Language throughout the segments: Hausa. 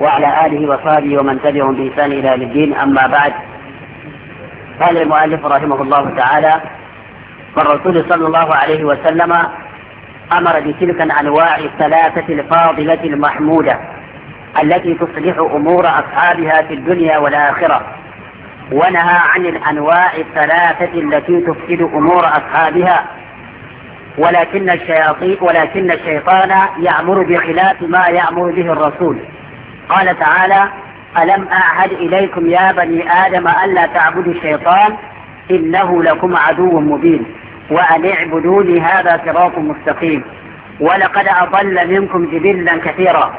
وعلى آله وصحبه ومن تبعهم بإحسان إلى الدين أما بعد قال المؤلف رحمه الله تعالى والرسول صلى الله عليه وسلم أمر بتلك الأنواع الثلاثة الفاضلة المحمودة التي تصلح أمور أصحابها في الدنيا والآخرة ونهى عن الأنواع الثلاثة التي تفسد أمور أصحابها ولكن الشياطين ولكن الشيطان يأمر بخلاف ما يأمر به الرسول قال تعالى ألم أعهد إليكم يا بني آدم ألا تعبدوا الشيطان إنه لكم عدو مبين وأن اعبدوني هذا صراط مستقيم ولقد أضل منكم جبلا كثيرا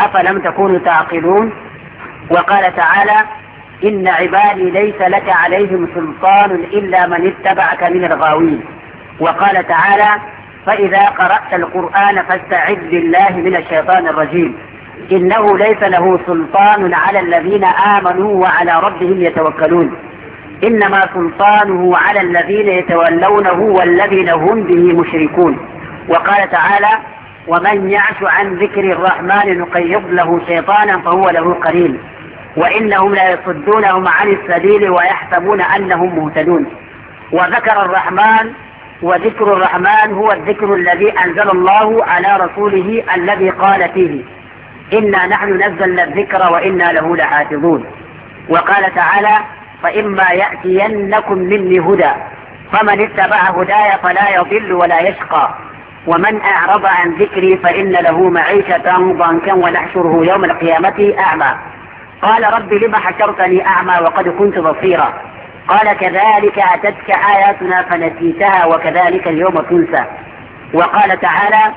أفلم تكونوا تعقلون وقال تعالى إن عبادي ليس لك عليهم سلطان إلا من اتبعك من الغاوين وقال تعالى فإذا قرأت القرآن فاستعذ بالله من الشيطان الرجيم إنه ليس له سلطان على الذين آمنوا وعلى ربهم يتوكلون إنما سلطانه على الذين يتولونه والذين هم به مشركون وقال تعالى ومن يعش عن ذكر الرحمن نقيض له شيطانا فهو له قليل وإنهم لا يصدونهم عن السبيل ويحسبون أنهم مهتدون وذكر الرحمن وذكر الرحمن هو الذكر الذي أنزل الله على رسوله الذي قال فيه إنا نحن نزلنا الذكر وإنا له لحافظون وقال تعالى فإما يأتينكم مني هدى فمن اتبع هداي فلا يضل ولا يشقى ومن أعرض عن ذكري فإن له معيشة ضنكا ونحشره يوم القيامة أعمى قال رب لم حشرتني أعمى وقد كنت بصيرا قال كذلك أتتك آياتنا فنسيتها وكذلك اليوم تنسى وقال تعالى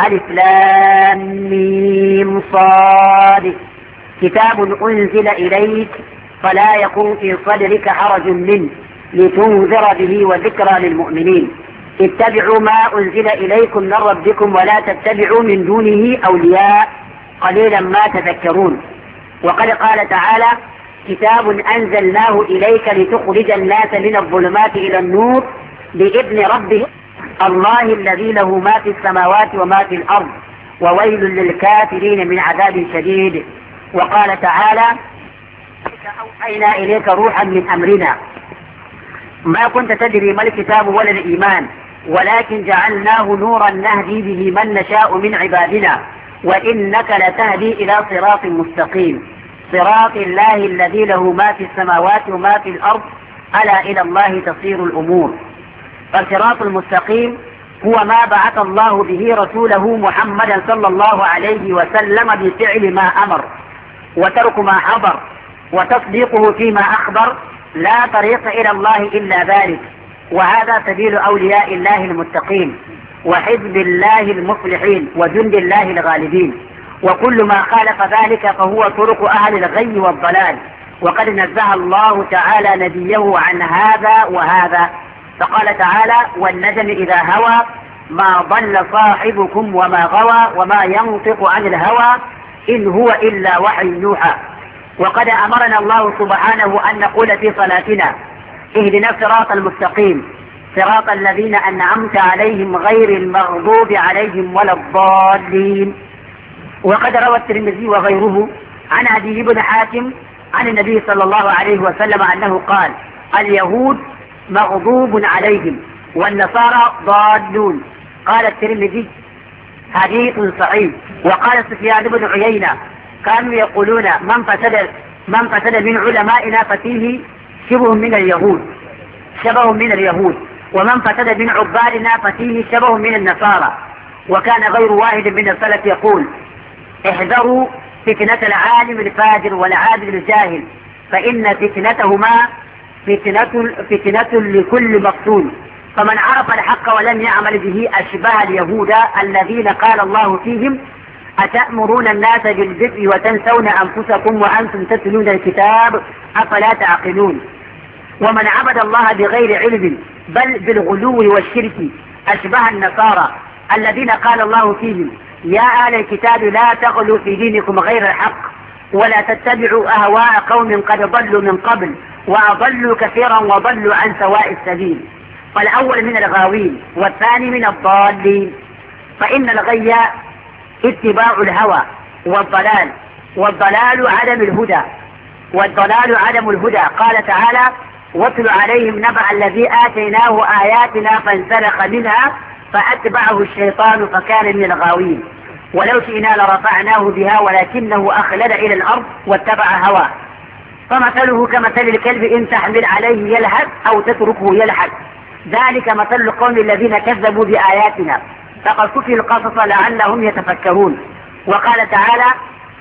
ألف لام ميم صاد كتاب أنزل إليك فلا يكون في صدرك حرج منه لتنذر به وذكرى للمؤمنين اتبعوا ما أنزل إليكم من ربكم ولا تتبعوا من دونه أولياء قليلا ما تذكرون وقد قال تعالى كتاب أنزلناه إليك لتخرج الناس من الظلمات إلى النور بإذن ربهم الله الذي له ما في السماوات وما في الأرض وويل للكافرين من عذاب شديد وقال تعالى أوحينا إليك روحا من أمرنا ما كنت تدري ما الكتاب ولا الإيمان ولكن جعلناه نورا نهدي به من نشاء من عبادنا وإنك لتهدي إلى صراط مستقيم صراط الله الذي له ما في السماوات وما في الأرض ألا إلى الله تصير الأمور فالصراط المستقيم هو ما بعث الله به رسوله محمدا صلى الله عليه وسلم بفعل ما أمر وترك ما حضر وتصديقه فيما أخبر لا طريق إلى الله إلا ذلك وهذا سبيل أولياء الله المتقين وحزب الله المصلحين وجند الله الغالبين وكل ما خالف ذلك فهو طرق أهل الغي والضلال وقد نزه الله تعالى نبيه عن هذا وهذا فقال تعالى والنجم إذا هوى ما ضل صاحبكم وما غوى وما ينطق عن الهوى إن هو إلا وحي يوحى وقد أمرنا الله سبحانه أن نقول في صلاتنا اهدنا الصراط المستقيم صراط الذين أنعمت عليهم غير المغضوب عليهم ولا الضالين وقد روى الترمذي وغيره عن عدي بن حاتم عن النبي صلى الله عليه وسلم أنه قال اليهود مغضوب عليهم والنصارى ضالون قال الترمذي حديث صحيح وقال سفيان بن عيينة كانوا يقولون من فسد من فسد من علمائنا ففيه شبه من اليهود شبه من اليهود ومن فسد من عبادنا ففيه شبه من النصارى وكان غير واحد من السلف يقول احذروا فتنة العالم الفاجر والعابد الجاهل فإن فتنتهما فتنة, فتنة لكل مقتول فمن عرف الحق ولم يعمل به أشبه اليهود الذين قال الله فيهم أتأمرون الناس بالبر وتنسون أنفسكم وأنتم تتلون الكتاب أفلا تعقلون ومن عبد الله بغير علم بل بالغلو والشرك أشبه النصارى الذين قال الله فيهم يا أهل الكتاب لا تغلوا في دينكم غير الحق ولا تتبعوا أهواء قوم قد ضلوا من قبل وأضلوا كثيرا وضلوا عن سواء السبيل فالأول من الغاوين والثاني من الضالين فإن الغي اتباع الهوى والضلال والضلال عدم الهدى والضلال عدم الهدى قال تعالى واتل عليهم نبع الذي آتيناه آياتنا فانسلخ منها فأتبعه الشيطان فكان من الغاوين ولو شئنا لرفعناه بها ولكنه أخلد إلى الأرض واتبع هواه فمثله كمثل الكلب إن تحمل عليه يلهث أو تتركه يلحد ذلك مثل القوم الذين كذبوا بآياتنا فقد كفي القصص لعلهم يتفكرون وقال تعالى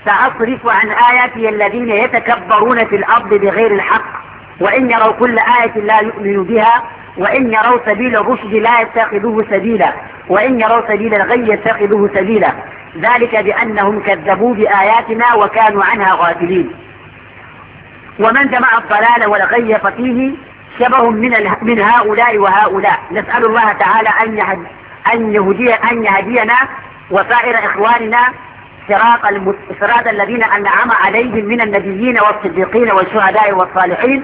سأصرف عن آياتي الذين يتكبرون في الأرض بغير الحق وإن يروا كل آية لا يؤمنوا بها وإن يروا سبيل الرشد لا يتخذوه سبيلا وإن يروا سبيل الغي يتخذوه سبيلا ذلك بأنهم كذبوا بآياتنا وكانوا عنها غافلين ومن جمع الضلال والغي فيه شبه من, من هؤلاء وهؤلاء نسأل الله تعالى أن, يهد أن, يهدي أن يهدينا وسائر إخواننا صراط, صراط الذين أنعم عليهم من النبيين والصديقين والشهداء والصالحين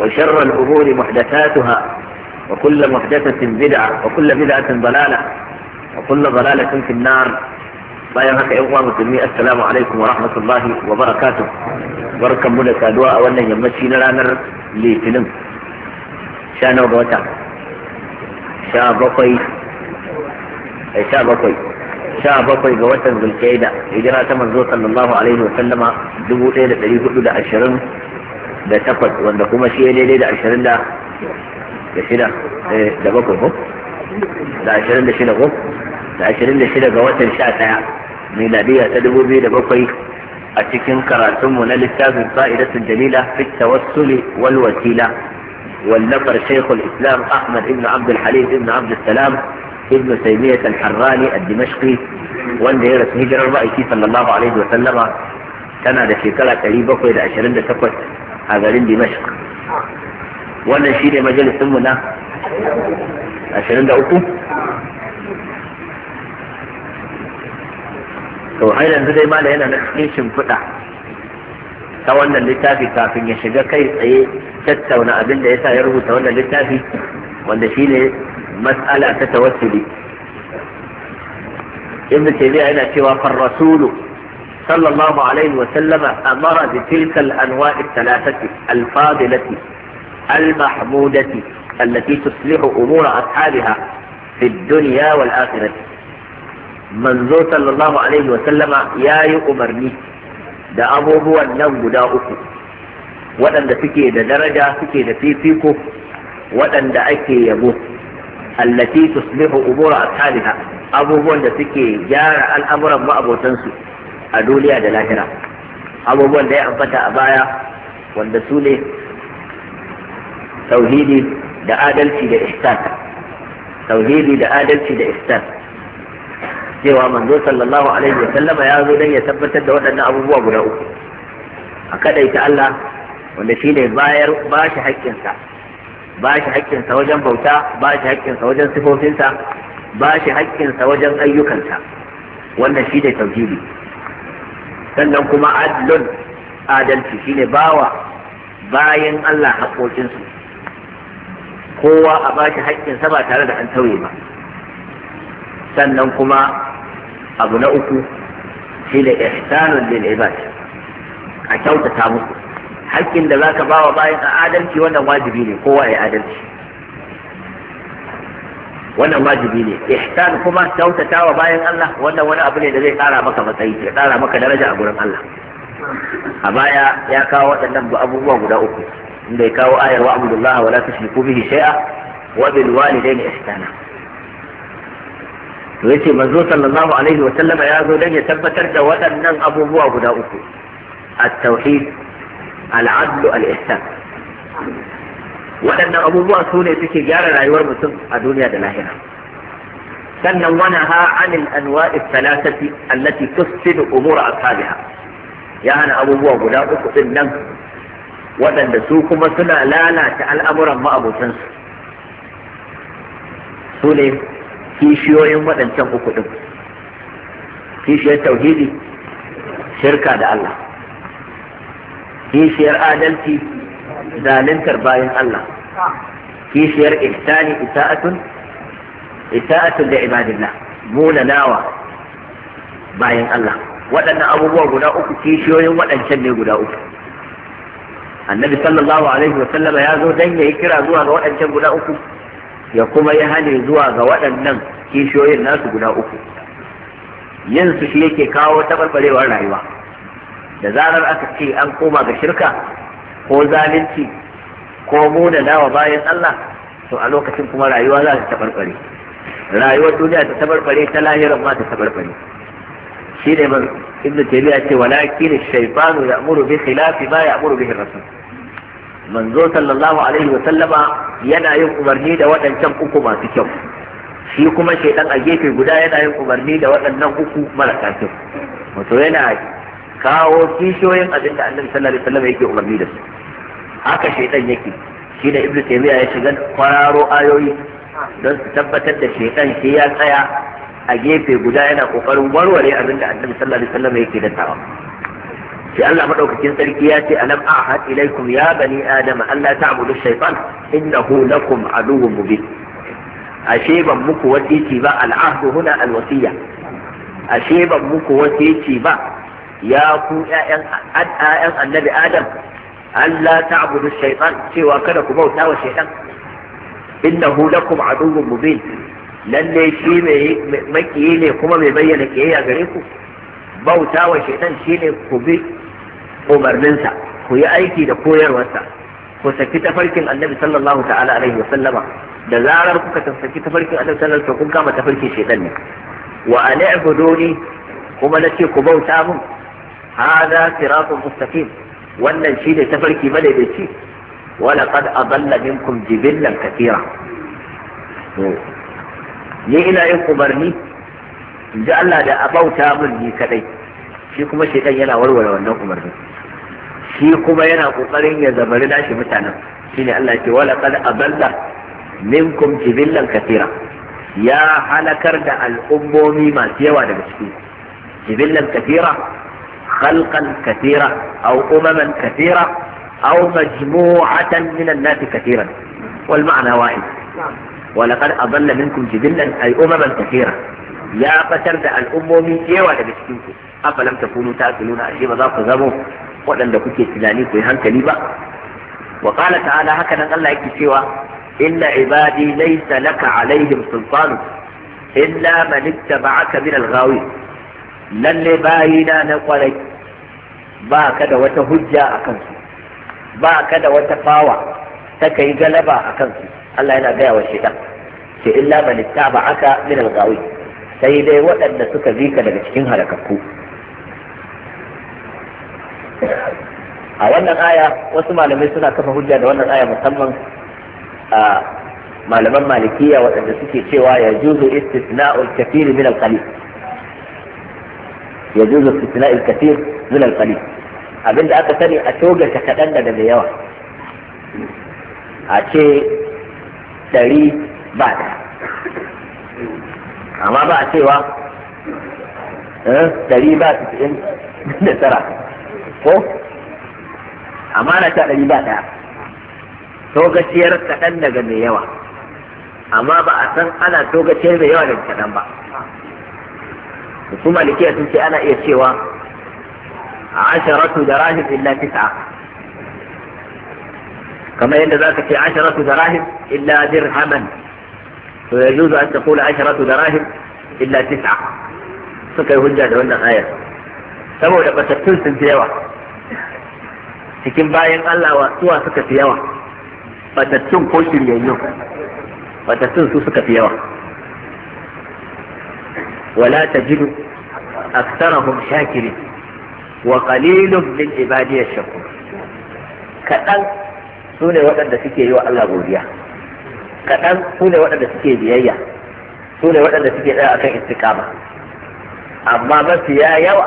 وشر الأمور محدثاتها وكل محدثة بدعة وكل بدعة ضلالة وكل ضلالة في النار لا يهك إغوى مسلمي السلام عليكم ورحمة الله وبركاته بركة منا سادواء وانا يمشي نرانر لفلم شانا وغوتا شابقوي أي شابقوي شابقوي غوتا ذو الكيدة إجراء تمنزو صلى الله عليه وسلم دبوتين تريد أشرم da takwas wanda kuma shi ne da ashirin da shida da bakwai ko da ashirin da shida ko da ashirin da shida ga watan sha ɗaya miladiya ta dubu biyu da bakwai a cikin karatunmu na littafin fa'idatun jalila fi tawassuli wal wasila والنفر شيخ الإسلام أحمد بن عبد الحليم بن عبد السلام ابن تيمية الحراني الدمشقي wanda ya rasu hijirar ma'aiki sallallahu alaihi wa sallama tana da shekara ɗari bakwai da a garin dimashq wannan shi ne majalisinmu na 23 to har yanzu dai mala yana na cikin shimfiɗa ta wannan littafi kafin ya shiga kai tsaye tattauna abin da ya sa ya rubuta wannan littafi wanda shi ne mas'ala ta tawassuli ibn taymiya yana cewa farrasulu صلى الله عليه وسلم أمر بتلك الأنواء الثلاثة الفاضلة المحمودة التي تصلح أمور أصحابها في الدنيا والآخرة منذور صلى الله عليه وسلم يا يؤمرني دا هو النوم دا أكو وأن دا فكي دا درجة فكي دا في فيكو وأن دا أكي التي تصلح أمور أصحابها أبوه دا فكي جارع الأمر ما أبو تنسو a duniya da lahira abubuwan da ya ambata a baya wanda su ne tauhidi da adalci da ihsan tauhidi da adalci da ihsan cewa manzo sallallahu alaihi wa sallama ya zo don ya tabbatar da waɗannan abubuwa guda uku a kadaita Allah wanda shi ne bayar ba shi haƙƙinsa ba shi haƙƙinsa wajen bauta ba shi haƙƙinsa wajen sifofinsa ba shi haƙƙinsa wajen ayyukansa wannan shi ne tauhidi sannan kuma adlun adalci shine bawa bayan Allah haƙoƙinsu kowa a bashi haƙƙinsa ba tare da an tauye ba sannan kuma abu na uku shine ihsanun lil ibad a kyautata musu haƙƙin da zaka bawa bayan adalci wannan wajibi ne kowa ya adalci wannan wajibi ne ihsan kuma kyautatawa bayan Allah wannan wani abu ne da zai kara maka matsayi ya kara maka daraja a gurin Allah a baya ya kawo waɗannan abubuwa guda uku inda ya kawo ayar wa abdullahi wala tushriku bihi shay'a wa bil walidayni ihsana to yace manzo sallallahu alaihi wa sallama ya zo dan ya tabbatar da waɗannan abubuwa guda uku at-tauhid al-adl al-ihsan waɗannan abubuwa su ne suke gyara rayuwar mutum a duniya da lahira sannan wana ha anil anwa'i salasati allati tufsidu umura ashabiha ya hana abubuwa guda uku din nan waɗanda su kuma suna lalata al'amuran ma'abotansu su ne kishiyoyin waɗancan uku din kishiyar tauhidi shirka da Allah kishiyar adalci zalintar bayan Allah kishiyar ihsani ita'atun ita'atun da ibadillah munanawa bayan Allah waɗannan abubuwa guda uku kishiyoyin waɗancan ne guda uku annabi sallallahu alaihi wa sallama ya zo dan yayi kira zuwa ga waɗancan guda uku ya kuma ya hane zuwa ga waɗannan kishiyoyin nasu guda uku yin su shi yake kawo taɓarɓarewar rayuwa da zarar aka ce an koma ga shirka ko zalunci ko munana nawa bayan Allah to a lokacin kuma rayuwa za ta tabarbare rayuwar duniya ta tabarbare ta lahirar ma ta tabarbare shi ne man ibnu taymiya ce walakin shaytanu ya'muru bi khilafi ma ya'muru bihi rasul manzo sallallahu alaihi wa sallama yana yin umarni da waɗancan uku masu kyau shi kuma shaidan a gefe guda yana yin umarni da waɗannan uku marasa kyau wato yana kawo kishiyoyin abin da annabi sallallahu alaihi wasallam yake umarni da su haka shaitan yake shi da ibnu taymiya ya shiga kwararo ayoyi don su tabbatar da shaitan shi ya tsaya a gefe guda yana kokarin warware abin da annabi sallallahu alaihi wasallam yake da tawa sai Allah madaukakin sarki ya ce alam ahad ilaikum ya bani adama Allah ta'budu shaytan innahu lakum aduwwun mubin ashe ban muku wasiki ba al'ahdu huna alwasiya ashe ban muku wasiki ba ya ku ƴaƴan annabi adam Allah ta abu da shaytan cewa kada ku bauta wa hula innahu lakum aduwwun mubin lalle shi mai makiyi ne kuma mai bayyana kiyayya gare ku bauta wa shaitan ne ku bi umarninsa ku yi aiki da koyarwarsa ku saki tafarkin annabi sallallahu ta'ala alaihi wa sallama da zarar kuka saki tafarkin annabi sallallahu alaihi wa kun kama tafarkin shaitan ne wa an ibuduni kuma ce ku bauta mun hada siratun mustaqim wannan shi ne tafarki madaidaici wala qad adalla minkum jibillan katira ni ina yin umarni in ji Allah da abauta min ni kadai shi kuma shekan yana warware wannan umarni shi kuma yana kokarin ya zamari nashi mutanen Shi ne Allah ce wala qad adalla minkum jibillan katira ya halakar da al'ummomi masu yawa daga ciki jibillan katira خلقا كثيرا أو أمما كثيرة أو مجموعة من الناس كثيرا والمعنى واحد نعم. ولقد أضل منكم جبلا أي أمما كثيرة يا فتر ده الأمومي يوا ولا بسكينكم أفلم تكونوا تأكلون أشي بذاك زمو لكم كنت تناني ويهان كليبا وقال تعالى هكذا قال لك سوى إن عبادي ليس لك عليهم سلطان إلا من اتبعك من الغاوين lalle bayina na kwarai ba ka da wata hujja a kansu ba ka da wata fawa ta kai galaba a kansu Allah yana gaya wa shaitan ce illa man ittaba aka min al-gawi sai dai waɗanda suka bi ka daga cikin halakakku a wannan aya wasu malamai suna kafa hujja da wannan aya musamman a malaman malikiya waɗanda suke cewa ya juzu istisna'ul kathiri min al-qalil ya juzu istina'il in min al-qalil abinda aka sani a ta kaɗan daga da yawa a ce ɗari ba ɗaya amma ba a cewa ɗari ba cikin da tara ko amma na ta ɗari ba ɗaya togaciyar kaɗan daga mai yawa amma ba a san ana togaciyar mai yawa daga kaɗan ba su malikiya sun ce ana iya cewa a asharatu rahim illa tis'a kamar yadda zaka ce asharatu rahim illa dirhaman to ya yajuzu an taqula asharatu rahim illa tis'a suka yi hujja da wannan ayar saboda batattun sun fi yawa cikin bayan Allah wa suwa suka fi yawa batattun ko shiryayyo batattun su suka fi yawa ولا تجد أكثرهم شاكرين وقليل من عبادي الشكور كأن سنة وقت سكي يوى الله غوديا كأن سنة وقت سكي بيايا سنة وقت سكي لا أكن استقامة أما من فيها يوى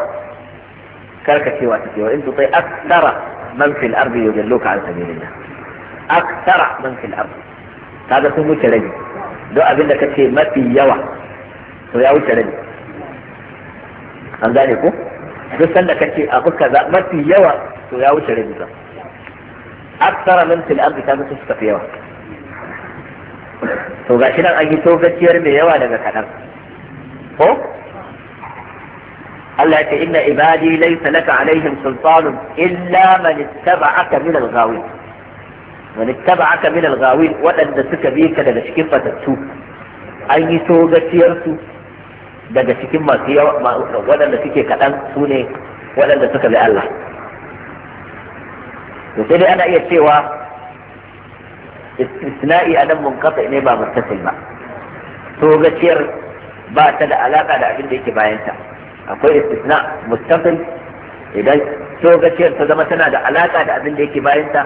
كركة يوى سكي وإن تطيع أكثر من في الأرض يضلوك عن سبيل الله أكثر من في الأرض هذا سمو تلجي دو أبنك تشي ما في يوى to ya wuce rabi an gane ko duk sanda kace abu kaza mafi yawa to ya wuce rabi ba aksara min fil ardi kaga mutu suka fi yawa to gashi nan an yi togaciyar mai yawa daga kaɗan ko Allah ya ce inna ibadi laysa laka alaihim sultanun illa man ittaba'aka min al-ghawin man ittaba'aka min al-ghawin wadanda suka bi ka daga cikin fatattu an yi togaciyar su daga cikin masu yawa waɗanda suke kaɗan su ne waɗanda suka bi Allah to sai dai ana iya cewa istina'i a nan kafa ne ba muttasil ba to gaciyar ba ta da alaƙa da abin da yake bayanta akwai istisna muttasil idan to gaciyar ta zama tana da alaƙa da abin da yake bayanta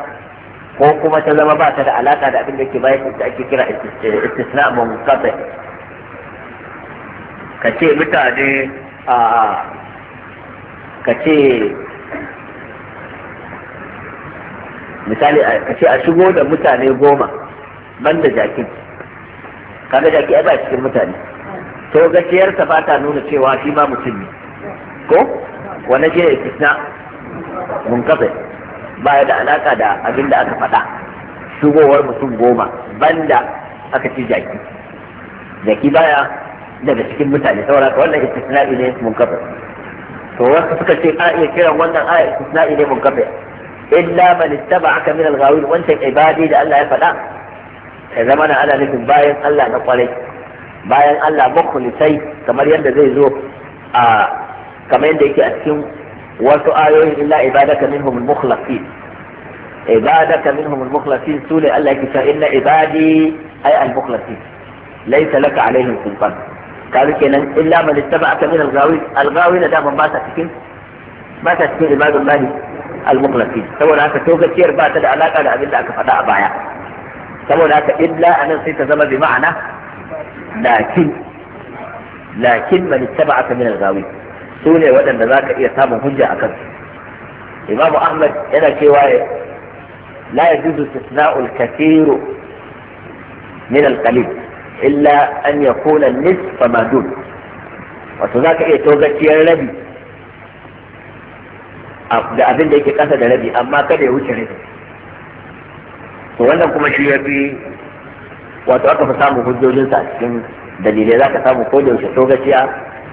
ko kuma ta zama ba ta da alaka da abin da yake bayanta ake kira istisna kafa. ka ce mutane a ka ce misali ka ce a shigo da mutane goma ban da jakin kaga jaki a ba cikin mutane to gaciyarsa ba ta nuna cewa shi ma mutum ne ko wani shi ya kisna mun kafe baya da alaka da abin da aka faɗa shigowar mutum goma banda aka ci jaki jaki baya daga cikin mutane saboda ka wannan istisna'i ne munkafi to wasu suka ce a iya kiran wannan a istisna'i ne munkafi illa man ittaba'aka min al-ghawin wancan ibadi da Allah ya faɗa ya zama na ana nufin bayan Allah na kwarai bayan Allah makulisai kamar yadda zai zo a kamar yadda yake a cikin wasu ayoyin illa ibadaka minhum al-mukhlasin عبادك منهم المخلصين سولة قال لك فإن عبادي al المخلصين ليس لك عليهم سلطان قالوا كنا إلا من اتبعك من الغاوين الغاوين دائما ما تتكين ما تتكين عباد الله المخلصين سوى لك توقع كير ما تدعى لك على عبد الله بايا سوى لك إلا أن نصيت زمى بمعنى لكن لكن من اتبعك من الغاوين سوني ودن ذاك إيه تام هنجا أكبر إمام أحمد إلى كواية لا يجوز استثناء الكثير من القليل illa an ya kona nisfa ma wato za ka iya togaciyar rabi da abin da yake kasa da rabi amma kada ya wuce rabi to wannan kuma shi ya fi wato aka fi samun hujjojinsa a cikin dalilai za ka samu ko da yaushe togaciya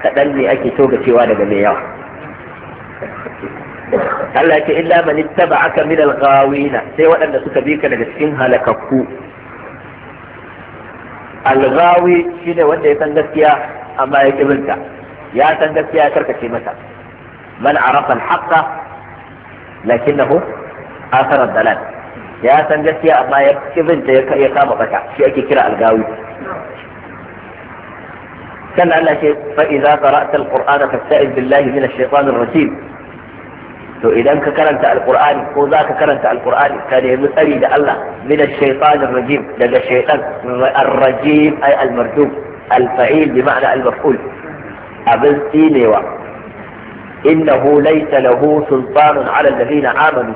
kaɗan ne ake togacewa daga mai yawa Allah ya ce illa man aka min al-ghawina sai waɗanda suka bi ka daga cikin halakakku alghawi shine wanda ya san gaskiya amma ya kibinta ya san gaskiya karkace masa man arafa alhaqqa lakinnahu athara dalal ya san gaskiya amma ya kibinta ya kama bata shi ake kira alghawi algawi كان قال لك فإذا قرأت القرآن فاستعذ بالله من الشيطان الرجيم to idan ka karanta alqur'ani ko za ka karanta alqur'ani ka nemi tsari da Allah min ash-shaytanir rajim daga shaytan ar-rajim ay al-mardum al-fa'il bi ma'na al-maf'ul abin tsinewa innahu laysa lahu sultanun 'ala alladhina amanu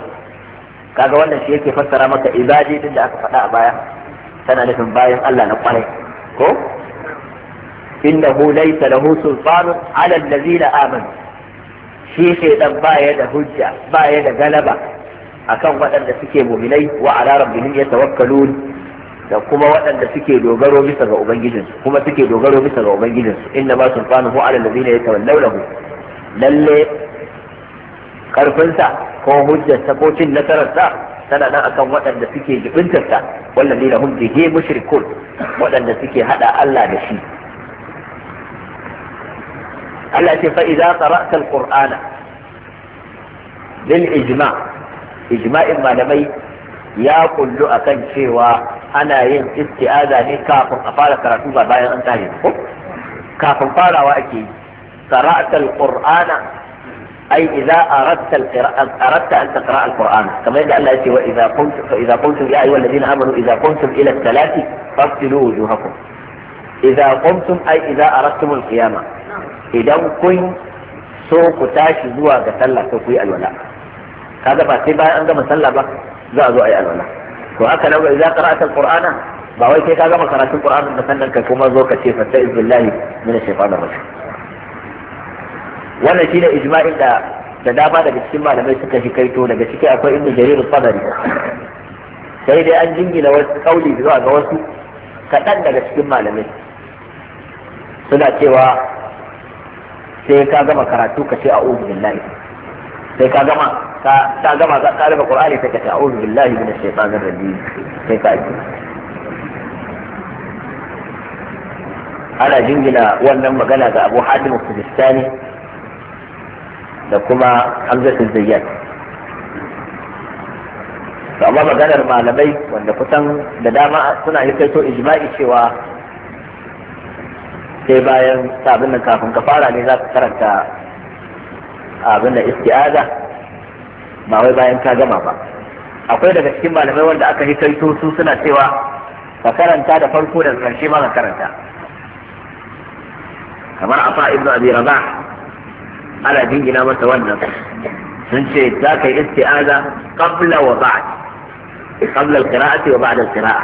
kaga wannan shi yake fassara maka ibadi din da aka faɗa a baya tana nufin bayan Allah na kwarai ko innahu laysa lahu sultanun 'ala alladhina amanu shi shaidan baya da hujja baya da galaba akan waɗanda suke muminai wa ala rabbihim yatawakkalun da kuma waɗanda suke dogaro bisa ga ubangijinsu kuma suke dogaro bisa ga ubangijinsu inna ma sulfanuhu ala allazina yatawallawnahu lalle karfinsa ko hujjarsa ko cin nasararsa tana nan akan waɗanda suke jibintarsa wallazina hum bihi mushrikun waɗanda suke hada Allah da shi التي فإذا قرأت القرآن للإجماع إجماع ما لمي يا كل أكن شوى أنا ين استئذى نكاف أفعل كرتوبة أن أنتهي كاف قال وأكي قرأت القرآن أي إذا أردت القراءة أردت أن تقرأ القرآن كما يقول الله وإذا قلت فإذا قلتم يا أيها الذين آمنوا إذا قمتم إلى الثلاث فاغسلوا وجوهكم إذا قمتم أي إذا أردتم القيامة idan kun so ku tashi zuwa ga sallah ko ku yi alwala kaga ba sai bayan an gama sallah ba za a zo a yi alwala to aka nan idan qara'ata alqur'ana ba wai sai ka gama karatun qur'anin da sannan ka kuma zo ka ce fasta'iz billahi min ash-shaytanir rajim wannan shine ijma'in da da dama daga cikin malamai suka shi kaito daga ciki akwai ibnu jarir al-sadri sai dai an jingina wasu kauli zuwa ga wasu kaɗan daga cikin malamai suna cewa sai ka gama karatu ka ce a'udhu billahi sai ka gama ka gama ka rufe qur'ani sai ka ce a'udhu billahi minash shaitanir rajim sai ka yi ana jingina wannan magana ga Abu Hatim Sujistani da kuma Hamza Zayyad amma maganar malamai wanda kusan da dama suna yi kaito ijma'i cewa sai bayan abin da kafin ka fara ne za ka karanta abin da isti'aza ba wai bayan ka gama ba akwai daga cikin malamai wanda aka yi hikaito su suna cewa ka karanta da farko da karshe ma ka karanta kamar afa ibnu abi raba. Ana jingina masa wannan sun ce za ka yi isti'aza qabla wa ba'd qabla al-qira'ati wa ba'da al-qira'a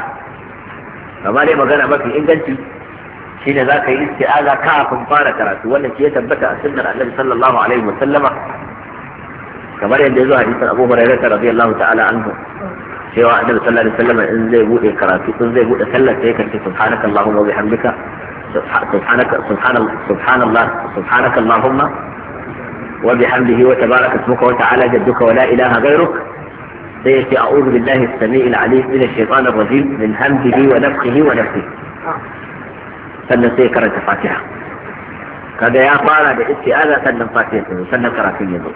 amma dai magana mafi inganci شيء ذاك أنت كافٌ فارك راسه ولا شيء تبتع النبي صلى الله عليه وسلم كما ينجزوها حديث أبو هريرة رضي الله تعالى عنه سوى النبي صلى الله عليه وسلم إن زي بوئي كراسي إن زي بوئي سلة سيك سبحانك اللهم وبحمدك سبحانك سبحان سبحان الله سبحانك اللهم وبحمده وتبارك اسمك وتعالى جدك ولا إله غيرك سيأتي أعوذ بالله السميع العليم من الشيطان الرجيم من همده ونفخه ونفخه sannan sai karanta fatiha kaga ya fara da isti'aza sannan fatiha ta sannan karatun ya zo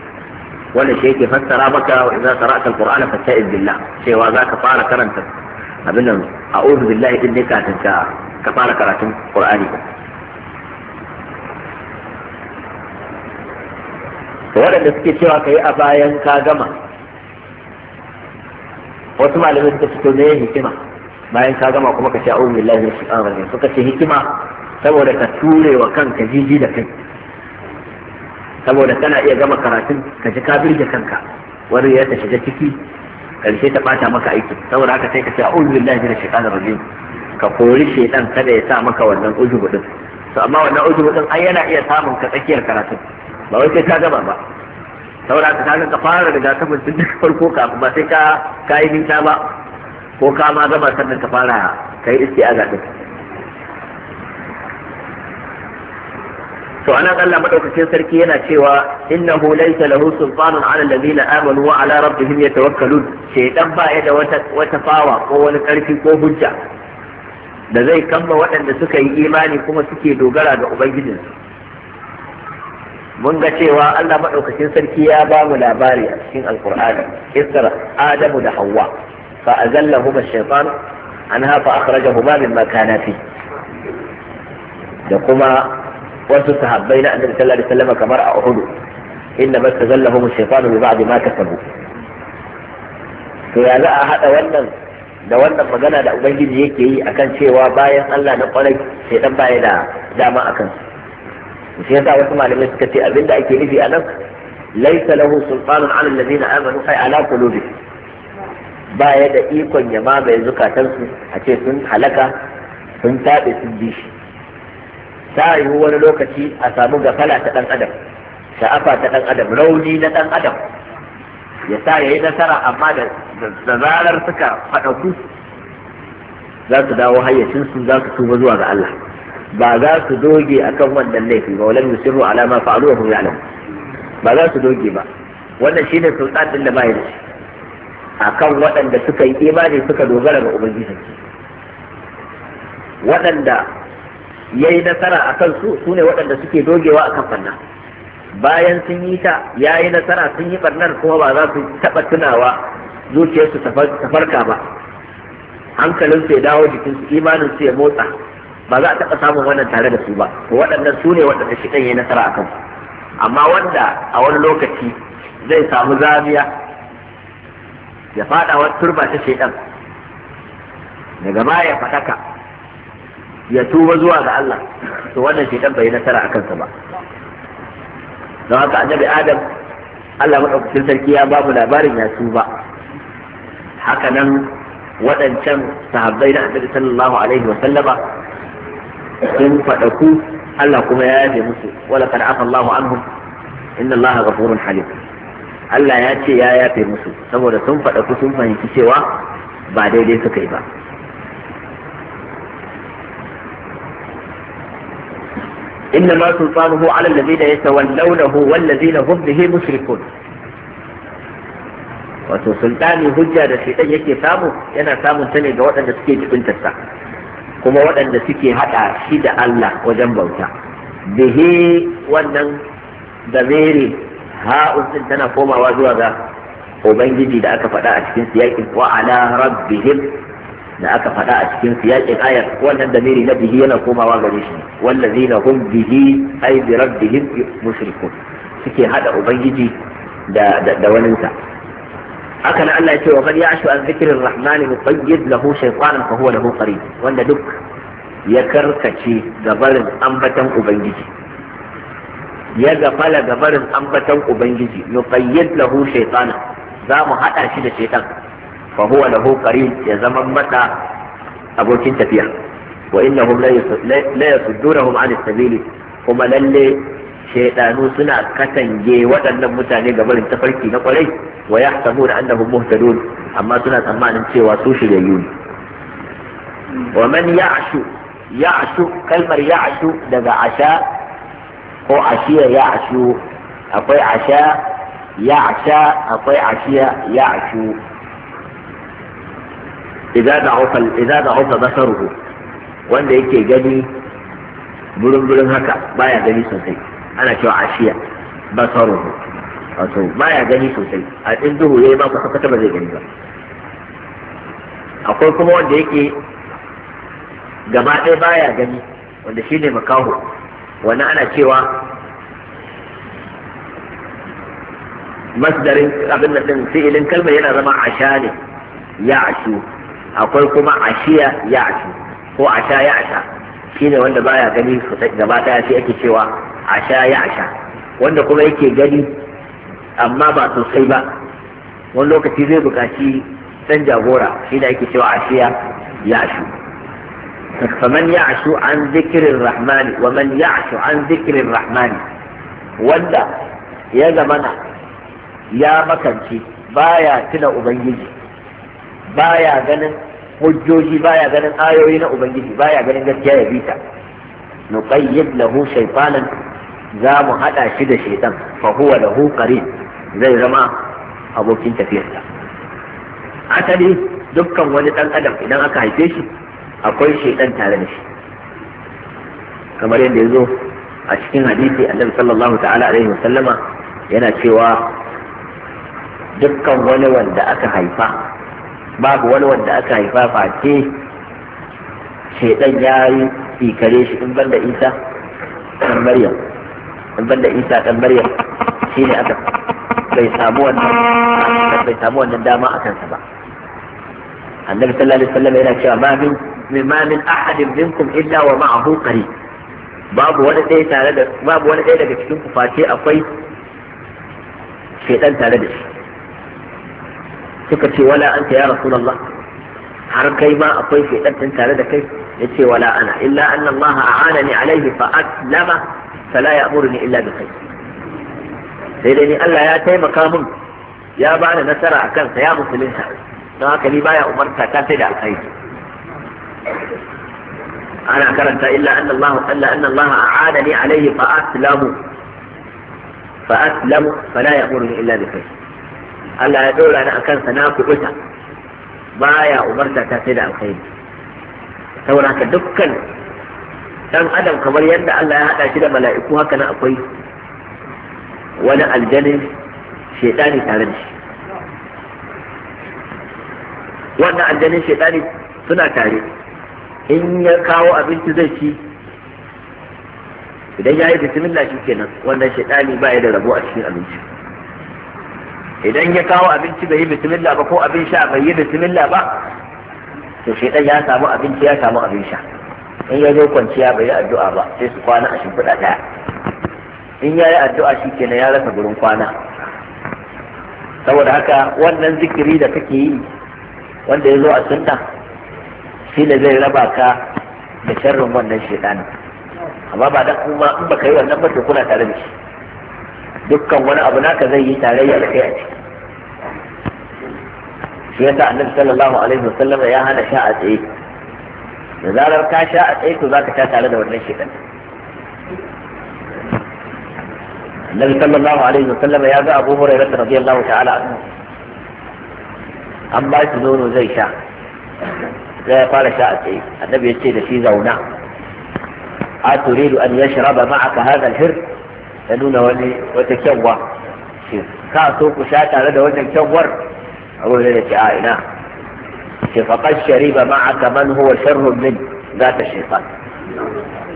wanda shi yake fassara maka wa idza qara'ta alqur'ana fasta'iz billah cewa zaka fara karanta abin nan a'udhu billahi din ne ka tanta ka fara karatun qur'ani to waɗanda suke cewa ka yi a bayan ka gama wasu malamai suka fito ne hikima bayan ka gama kuma ka ce a'udhu billahi minash shaitanir rajim suka ce hikima saboda ka ture wa kanka jiji da kai saboda kana iya gama karatun ka ji ka birge kanka wani ya ta shiga ciki karshe ta bata maka aiki saboda haka sai ka ce a'udhu billahi minash shaitanir rajim ka kori shaitan kada ya sa maka wannan ujubu din to amma wannan ujubu din ai yana iya samun ka tsakiyar karatun ba wai sai ka gama ba saboda haka ka fara rigakafin tun daga farko kafin ba sai ka ka yi nisa ba ko ka ma gama sannan ka fara ka yi isti'aza ɗin to ana Allah madaukakin sarki yana cewa innahu laysa lahu sultanun ala alladhina amanu wa ala rabbihim yatawakkalun dan ba ya da wata wata fawa ko wani karfi ko hujja da zai kamma waɗanda suka yi imani kuma suke dogara ga ubangijinsu mun ga cewa Allah madaukakin sarki ya ba mu labari a cikin alqur'ani isra adamu da hawwa فأزلهما الشيطان عنها فأخرجهما مما كانا فيه لكما wasu sahabbai na annabi sallallahu alaihi kamar a Uhud inna bas tazallahum ash-shaytanu bi ba'd ma kasabu to ya za a wannan da wannan magana da ubangiji yake yi akan cewa bayan Allah na kwarai sai dan baya da dama akan shi yasa wasu malamai suka ce abinda ake nufi anan laysa lahu sultanun 'ala alladhina amanu ay 'ala qulubihim ba ya da ikon ya mamaye zukatansu a ce sun halaka sun taɓe sun bi shi ta yiwu wani lokaci a samu gafala ta ɗan adam sha'afa ta ɗan adam rauni na ɗan adam ya sa ya yi nasara amma da zarar suka faɗaku za su dawo hayyacinsu za su tuba zuwa ga Allah ba za su doge akan wannan laifi ba walam yusirru ala ma fa'aluhu ya'lam ba za su doge ba wannan shine sultan din da bai da shi akan waɗanda suka yi imani suka dogara ga ubangiji waɗanda ya yi nasara a kan su su ne waɗanda suke dogewa a kan fanna bayan sun yi ta ya yi nasara sun yi ɓarnar kuma ba za su taɓa tunawa zuciyarsu ta farka ba hankalinsu ya dawo jikinsu imaninsu ya motsa ba za a taɓa samun wannan tare da su ba waɗannan su ne waɗanda shi ya yi nasara a kansu amma wanda a wani lokaci zai samu zamiya ya fada wa turba ta shaidan daga baya ya fadaka ya tuba zuwa ga Allah to wannan shaidan bai nasara a kansa ba don haka annabi adam Allah madaukakin sarki ya ba mu labarin ya tuba haka nan waɗancan sahabbai na annabi sallallahu alaihi wa sallama sun fadaku Allah kuma ya yafe musu wala qad afa Allahu anhum inna Allah ghafurun halim Allah ya ce ya yafe musu saboda sun faɗa ku sun fahimci cewa ba daidai suka yi ba إنما سلطانه على الذين يتولونه والذين هم به مشركون wato sultani hujja da shaitan yake samu yana samun ta ne ga waɗanda suke jibintarsa kuma waɗanda suke haɗa shi da Allah wajen bauta Bihi wannan zamiri ha'un din tana komawa zuwa ga ubangiji da aka faɗa a cikin siyaƙin wa ala rabbihim da aka faɗa a cikin siyaƙin ayar wannan damiri na bihi yana komawa gare shi wallazina hum bihi ay bi rabbihim mushrikun suke hada ubangiji da da waninsa Allah ya ce wa man ya'shu an zikrir rahman wanda duk ya karkace gabarin ambatan ubangiji ya gafala gabarin ambatan ubangiji nuqayyid lahu shaytana za mu hada shi da shaytan fa huwa lahu qarin ya zama mata abokin tafiya wa innahum la yasuddunahum an sabili kuma lalle shaydanu suna katange waɗannan mutane gabarin tafarki na kwarai wa yahsabuna annahum muhtadun amma suna tsammanin cewa su shiryayyu ne wa man ya'shu ya'shu kalmar ya'shu daga asha ko ashiya ya ashu akwai asha ya asha akwai ashiya ya ashu idza da'afa idza da'afa basaruhu wanda yake gani burin-burin haka baya gani sosai ana cewa ashiya basaruhu wato baya gani sosai a ɗin duhu yayi ba ku ta ba zai gani ba akwai kuma wanda yake gaba ɗaya baya gani wanda shine makaho wani ana cewa masdarin abin da din fi'ilin kalmar yana zama asha ne ya ashu akwai kuma ashiya ya ashu ko asha ya asha shine wanda baya gani gaba ɗaya sai ake cewa asha ya asha wanda kuma yake gani amma ba sosai ba wani lokaci zai buƙaci ɗan jagora shi da ake cewa ashiya ya ashu ya ya'shu an zikirin rahmani wa man ya'shu an zikirin rahmani wanda ya zamana ya makance baya tuna ubangiji baya ganin hujjoji baya ganin ayoyi na ubangiji baya ganin gaskiya ya bita nuqayyid lahu shaytanan za mu hada shi da shaytan fa huwa zai zama abokin tafiyarsa asali dukkan wani dan adam idan aka haife shi akwai shaitan tare da shi kamar yadda ya zo a cikin hadisi annabi sallallahu ta'ala alaihi wasallama yana cewa dukkan wani wanda aka haifa babu wani wanda aka haifa face shaitan ya yi ikare shi in banda isa dan maryam in banda isa dan maryam shine aka bai samu wannan bai samu wannan dama a kansa ba annabi sallallahu alaihi wasallam yana cewa ma min mimamin min ahadin minkum illa wa ma'ahu qari babu babu wani ɗaya daga cikin ku face akwai shedan tare da shi suka ce wala ya rasulullah har akwai shedan tare da kai yace wala ana illa anna allaha a'anani alaihi fa aslama fala ya'muruni illa bi khair ni Allah ya taimaka min ya bani nasara akan sa ya don haka ni baya umarta ta sai da alkhairi ana karanta illa anna Allah illa anna Allah a'adani alayhi fa aslamu fa aslamu fala illa bi khair Allah ya dora ni akan sa na kubuta baya umarta ta sai da alkhairi saboda dukkan dan adam kamar yadda Allah ya hada shi da mala'iku haka nan akwai wani aljanin shaitani tare da shi wannan aljanin shaitani suna tare in ya kawo abinci zai ci idan ya yi bismillah shi kenan wannan shaitani ba ya da rabo a cikin abinci idan ya kawo abinci bai yi bismillah ba ko abin sha bai yi bismillah ba to shaitan ya samu abinci ya samu abin sha in ya zo kwanciya bai yi addu'a ba sai su kwana a shimfiɗa ɗaya in ya yi addu'a shi kenan ya rasa gurin kwana saboda haka wannan zikiri da kake yi wanda ya zo a sunna shi ne zai raba ka da sharrin wannan shaidanin amma ba dan kuma in baka yi wannan ba to kuna tare da shi dukkan wani abu naka zai yi tarayya da kai a ciki shi yasa annabi sallallahu alaihi wasallam ya hana sha a tsaye da zarar ka sha a tsaye to zaka sha tare da wannan shaidan annabi sallallahu alaihi wasallam ya ga Abu Hurairah radiyallahu ta'ala anhu an ba shi nono zai sha sai ya fara sha a tsaye annabi ya ce da shi zauna a turidu an yashraba ma'aka hadha al-hir ya nuna wani wata kyanwa shi ka so ku sha tare da wannan kyanwar abu da ce a ina ce faqad shariba ma'aka man huwa sharrun min zata shaytan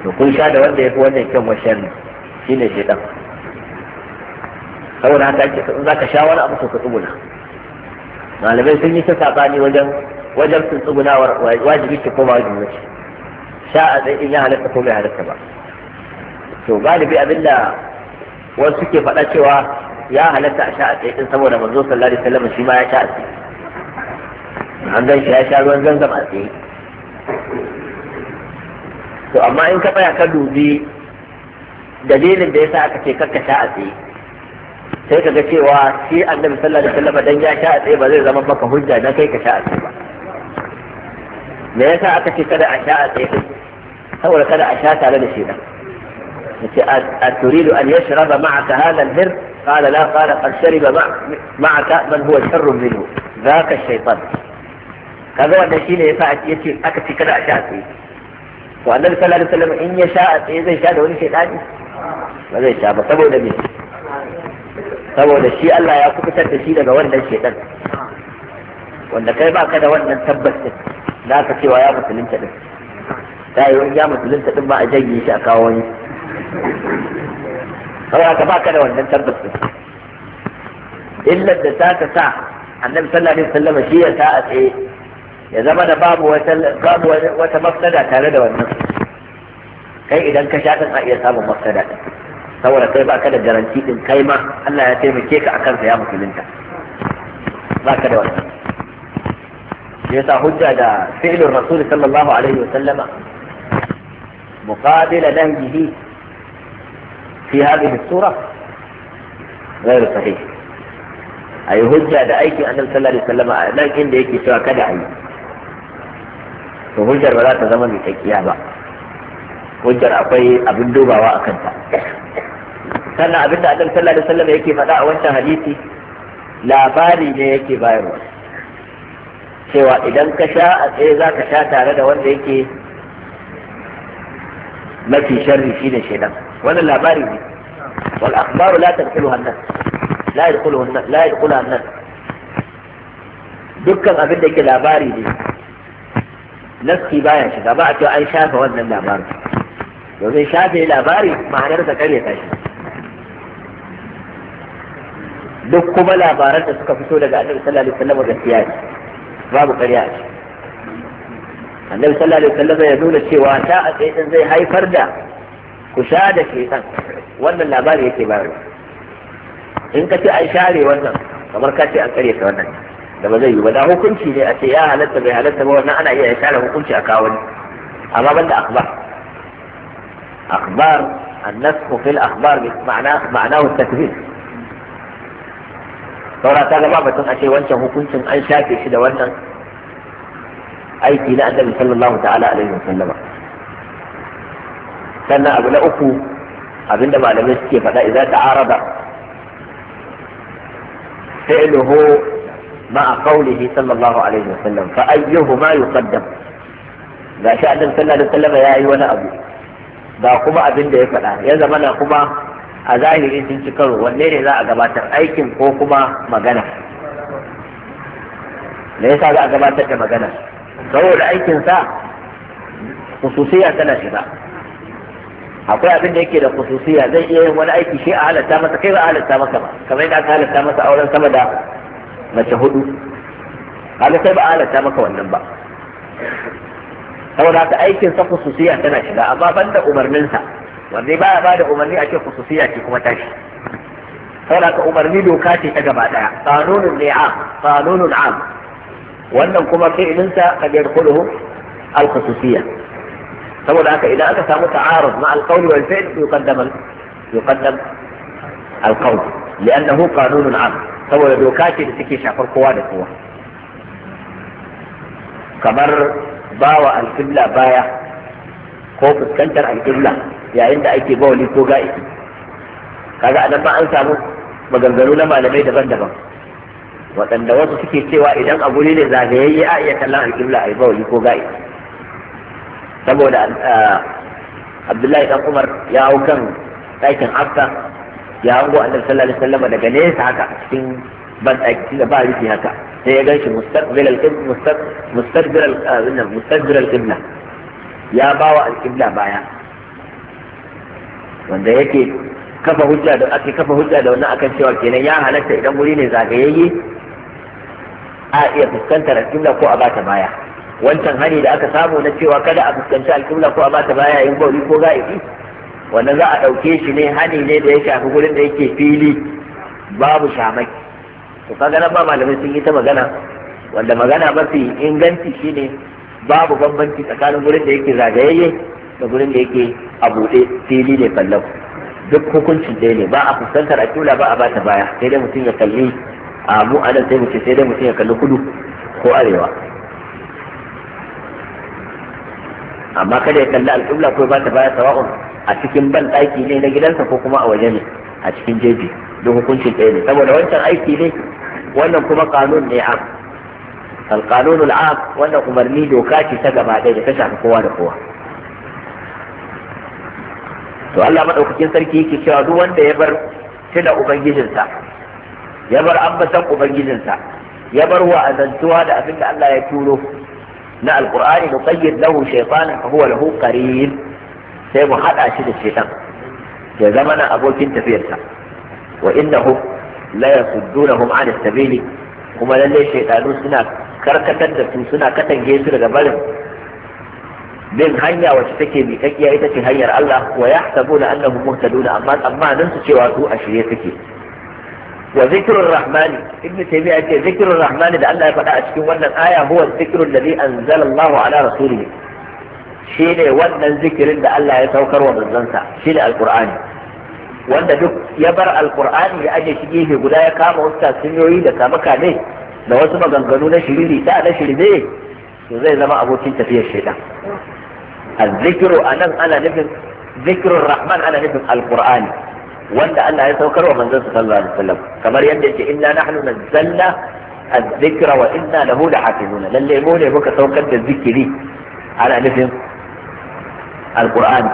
to kun sha da wanda yafi wannan kyanwar sharri shine shaytan saboda haka in zaka sha wani abu to ka tsuguna malamai sun yi ta sabani wajen wajen wajabcin tsugunawar wajibi ce ko ba wajibi ce sha'a zai in ya halitta ko bai halitta ba to galibi abinda wasu suke faɗa cewa ya halitta a sha'a tsaye din saboda manzo sallallahu alaihi wasallam shi ma ya sha'a tsaye an gan shi ya sha ruwan zanzam a tsaye to amma in ka tsaya ka dubi dalilin da yasa aka ce kakka sha'a tsaye sai ka ga cewa shi annabi sallallahu alaihi wasallam dan ya sha'a tsaye ba zai zama maka hujja na kai ka sha'a tsaye ba me yasa aka ce kada a sha a tsaye saboda kada a sha tare قال لا قال قد شرب معك من هو شر منه ذاك الشيطان هذا هو الشيء الذي يفعل يأتي أكثر كذا أشياء وأن النبي صلى الله عليه وسلم إن يشاء إذا شاء له شيطان ماذا يشاء فطبعوا نبي طبعوا الشيء ألا يأكل كتاب الشيء لما ولد الشيطان وأن كيف كذا وأن ثبتت. da aka cewa ya musulunta din ta yi wani ya musulunta din ba a janye shi a kawo wani kawai haka ba ka da wannan tabbas din illar da za ta sa annabi sallallahu alaihi wasallam shi ya sa a tsaye ya zama da babu wata babu wata mafsada tare da wannan kai idan ka sha din a iya samun mafsada saboda kai ba ka da garanti din kai ma Allah ya taimake ka akan sa ya musulunta ba ka da wannan yasa hujja da fi'lin rasul sallallahu alaihi wa sallama muqabila nahyihi fi hadhihi sura غير صحيح أي هجة ده أيكي أن صلى الله عليه وسلم لكن ده يكي سوى كده أي وهجر ولا تزمن بتكيها بقى hujjar akwai abin dubawa a kanta sannan abin da annabi sallallahu alaihi wasallam yake faɗa a wancan hadisi labari ne yake bayarwa cewa idan ka sha a tsaye za ka sha tare da wanda yake mafi sharri shi da shaidan wannan labari ne wal akhbaru la tadkhulu hannan la yadkhulu hannan la yadkhulu hannan dukkan abin da yake labari ne nafsi baya shiga ba a cewa an shafa wannan labarin domin shafe labari ma'anar ta kare ta shi duk kuma labaran da suka fito daga annabi sallallahu alaihi wasallam gaskiya ne babu ƙarya a ciki annabi sallallahu alaihi wasallam ya nuna cewa ta a tsaye zai haifar da kusa da shekan wannan labari yake bayarwa in ka ce an share wannan kamar ka ce an karya ta wannan da ba zai yi ba da hukunci ne a ce ya halatta bai halatta ba wannan ana iya share hukunci a kawo amma banda akhbar akhbar النسخ في الأخبار معناه معناه التكذيب saura ta gaba batun a ce wancan hukuncin an shafe shi da wannan aiki na annabi sallallahu ta'ala alaihi wasallama sannan abu na uku abinda malamai suke faɗa idan ta'arada fi'luhu ma'a qawlihi sallallahu alaihi wasallam fa ayyuhuma yuqaddam gashi annabi sallallahu alaihi wasallama yayi wani abu ba kuma abinda ya faɗa ya zama na kuma a zahiri sun ci karo wanne ne za a gabatar aikin ko kuma magana me yasa za a gabatar da magana saboda aikin sa khususiya tana shiga akwai abin da yake da khususiya zai iya yin wani aiki shi a halatta masa kai ba halatta masa ba kamar yadda aka halatta masa auren sama da mace hudu kaga sai ba halatta maka wannan ba saboda haka aikin sa khususiya tana shiga amma banda umarnin sa wanda baya ba da umarni a ce khususiya ce kuma tashi sai ka umarni doka ce ta gaba daya qanunun li'a qanunun am wannan kuma fi'ilinsa kad yadkhuluhu al khususiya saboda haka idan aka samu ta'arud ma al-qawl wal fi'l yuqaddam yuqaddam al-qawl li'annahu qanunun am saboda doka ce da take shafar kowa da kowa kamar bawa al-qibla baya ko fuskantar alƙibla yayin da ake bawali ko ga'i kaga anan ba an samu maganganu na malamai daban-daban waɗanda wasu suke cewa idan a guri ne zagayayye a iya kallon alƙibla a yi bawali ko ga'i saboda abdullahi dan umar ya hau kan ɗakin afka ya hango annabi sallallahu alaihi wasallam daga nesa haka cikin ban ɗaki da ba rufi haka sai ya ganshi mustaqbil al-qibla mustaqbil al-qibla ya bawa alƙibla baya wanda yake kafa hujja da ake kafa hujja da wannan akan cewa kenan ya halatta idan wuri ne zagayayye a iya fuskantar alƙibla ko a bata baya wancan hani da aka samu na cewa kada a fuskanci alƙibla ko a bata baya yin bauri ko ga'ibi wannan za a ɗauke shi ne hani ne da ya shafi wurin da yake fili babu shamaki to kaga nan ba malamai sun yi ta magana wanda magana mafi inganci shine babu bambanci tsakanin gurin da yake zagayayye da gurin da yake a buɗe fili ne fallau duk hukuncin ɗaya ne ba a fuskantar a kula ba a bata baya sai dai mutum ya kalli a mu a nan sai mu ce sai dai mutum ya kalli kudu ko arewa amma kada ya kalli al'umma ko ba ta baya sawa'un a cikin ban ɗaki ne na gidansa ko kuma a waje ne a cikin jeji duk hukuncin ɗaya ne saboda wancan aiki ne wannan kuma kanun ne a alqanun al'am wannan umarni doka ce ta gaba ɗaya da tasha shafi kowa da kowa to Allah madaukakin sarki yake cewa duk wanda ya bar tuna ubangijinsa ya bar ambatan ubangijinsa ya bar wa'azantuwa da abin da Allah ya turo na alqur'ani nuqayyid lahu shaytanan fa huwa lahu qarin sai mu hada shi da shaytan ya zama abokin tafiyarsa wa innahum la yasuddunahum an as-sabili kuma lalle shaytanu suna karkatar da su suna katange su daga barin bin hanya wacce take miƙaƙiya ita ce hanyar Allah wa yahsabuna annahum muhtaduna amma tsammanin su cewa su a shirye suke wa zikrur rahmani ibnu taymiya yace zikrur rahmani da Allah ya faɗa a cikin wannan aya huwa zikrul ladhi anzala Allahu ala rasulihi shine wannan zikirin da Allah ya saukar wa manzansa shine alqur'ani wanda duk ya bar alqur'ani ya aje shi gefe guda ya kama wasu tatsuniyoyi da kama kame da wasu maganganu na shiriri da na shirme to zai zama abokin tafiyar shaidan azzikiru anan ana nufin zikirun rahman ana nufin Alƙur'ani wanda Allah ya saukar wa manzon sallallahu alaihi wasallam kamar yadda yake inna nahnu nazzalna الذكر وإنا له لحافظون للي مو ne muka saukar da zikiri ana nufin alqur'ani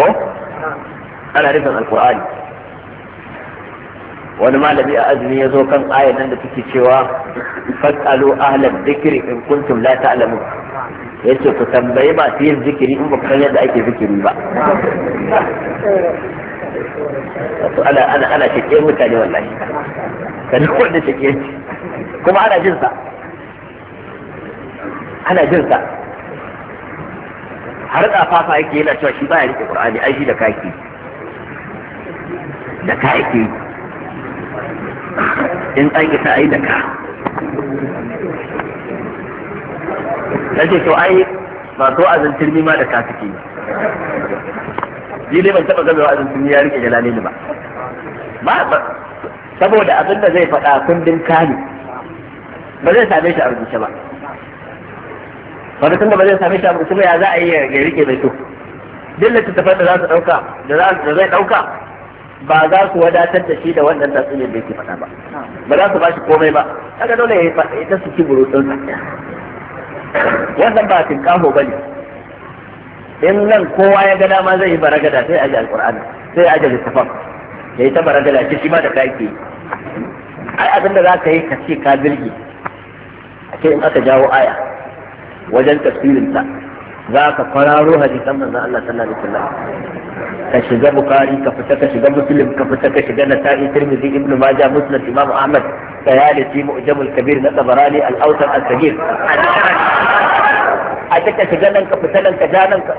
ko ana nufin alqur'ani wani malami a azumi ya zo kan ayar nan da take cewa fasalu ahlal dhikri in kuntum la ta'lamun yace ku tambayi masu yin zikiri in ba ku san yadda ake zikiri ba wato ana ana ana shake mutane wallahi kan wanda shake kuma ana jin sa ana jin sa har da fafa yake yana cewa shi ya rike qur'ani ai shi da kaki da kaki in an isa ai da ka na ce to ai masu wa'azin turmi ma da ka suke yi ne ban taɓa gabewa wa'azin turmi ya rike jalalilu ba ba saboda abin da zai faɗa kundin kani ba zai same shi a rubuce ba wadatun da ba zai same shi a rubuce ba ya za a yi ya rike mai to dillacin littattafan da za su ɗauka da zai ɗauka ba za su wadatar da shi da wannan tatsuniyar da yake faɗa ba ba za su ba shi komai ba kaga dole ya faɗa ita su ci burutsun wannan ba tinkaho ba ne in nan kowa ya ga dama zai yi baragada sai aje alqur'ani sai aje littafin ya yi ta baragada shi ma da kake ai abin da za ka yi ka ce ka birge a ce in aka jawo aya wajen tafsirinta za ka kwararo hadisan manzo Allah sallallahu alaihi wasallam ka shiga bukari ka fita ka shiga muslim ka fita ka shiga na nasa'i tirmidhi ibnu majah muslim imam ahmad tayalisi mu'jamul kabir na tabarani al-awsat al-kabir a taka shiga nan ka fita nan ka ja nan ka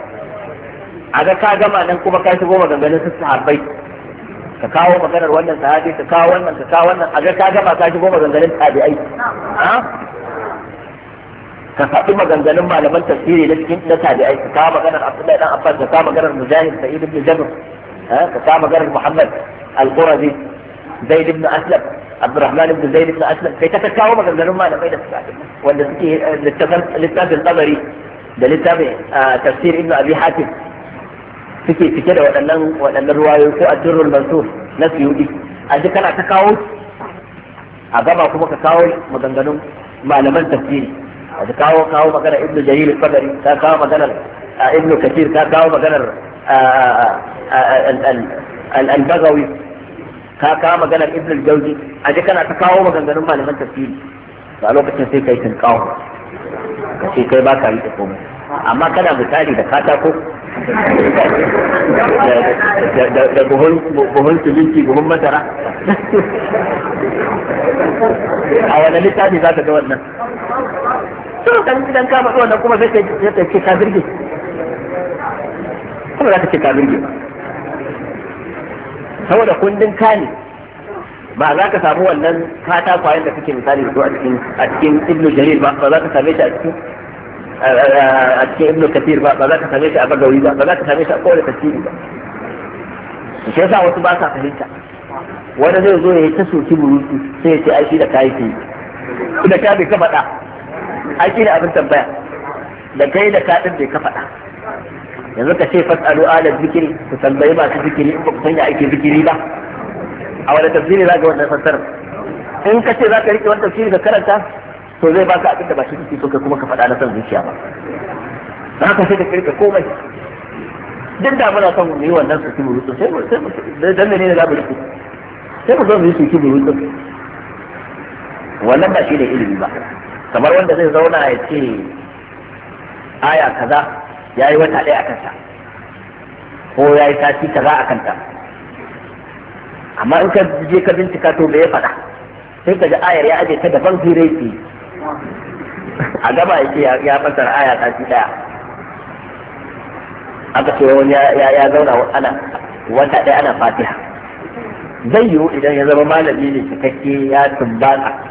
a ga ka gama nan kuma ka shigo maganganun su sahabbai ka kawo maganar wannan sahabi ka kawo wannan ka kawo wannan a ga ka gama ka shigo maganganun tabi'ai ka faɗi maganganun malaman tafsiri na cikin na tabi'ai ka kawo maganar Abdullahi dan Abbas ka kawo maganar Mujahid Sa'id ibn Jabr ka kawo maganar Muhammad Al-Qurazi Zaid ibn Aslam Abdurrahman ibn Zaid ibn Aslam kai ka kawo maganganun malamai da suka wanda suke eh, littafin tsabari da littafin ah, tafsir ibn Abi Hatim suke cike da waɗannan waɗannan ruwayoyi ko ad-durrul mansur na Suyudi a duk kana ta kawo a gaba kuma ka kawo maganganun malaman tafsiri da kawo kawo magana ibn jarir al-qadari ka kawo magana ibn kathir ka kawo magana al-bagawi ka kawo magana ibn al-jawzi a ji kana ta kawo maganganun malaman tafsiri a lokacin sai kai tun kawo sai kai ba ka yi komai amma kana misali da katako da buhun siminti buhun masara a wani littafi za ka ga wannan idan ka faɗi wannan kuma sai ka ce ka birge kuma za ka ce ka birge ba saboda kundin ka ne ba za ka samu wannan fata kwayan da kake misali da su a cikin a cikin ibnu jarir ba ba za ka same shi a cikin a cikin ibnu ba ba za ka same shi a bagawi ba ba za ka same shi a kowane tafsiri ba shi yasa wasu ba sa fahimta wanda zai zo ya yi ta soki burutu sai ya ce ai shi da kayi ke da ka bai ka faɗa ai ne abin tambaya da kai da kaɗin din ka faɗa yanzu ka ce fasalu ala zikiri ku tambayi masu zikiri in ba ku sanya ake zikiri ba a wani tafsiri za ka wannan fassara in ka ce za ka riƙe wani tafsiri ka karanta to zai baka abin da ba shi kike so kai kuma ka faɗa na san zuciya ba Za ka sai ka kirka komai duk da muna son mu yi wannan su ki buru mu sai mu dan ne ne za mu rike sai mu zo mu yi su kiburu wannan ba shi ne ilimi ba kamar wanda zai zauna ya ce aya kaza ya yi wata ɗaya a kanta ko ya yi sati kaza a kanta amma in ka je ka bincika to me ya faɗa sai ka ji ayar ya aje ta daban hira yake a gaba ya ce ya fasar aya sati ɗaya aka ce wani ya zauna ana wata ɗaya ana fatiha zai yiwu idan ya zama malami ne cikakke ya tumbata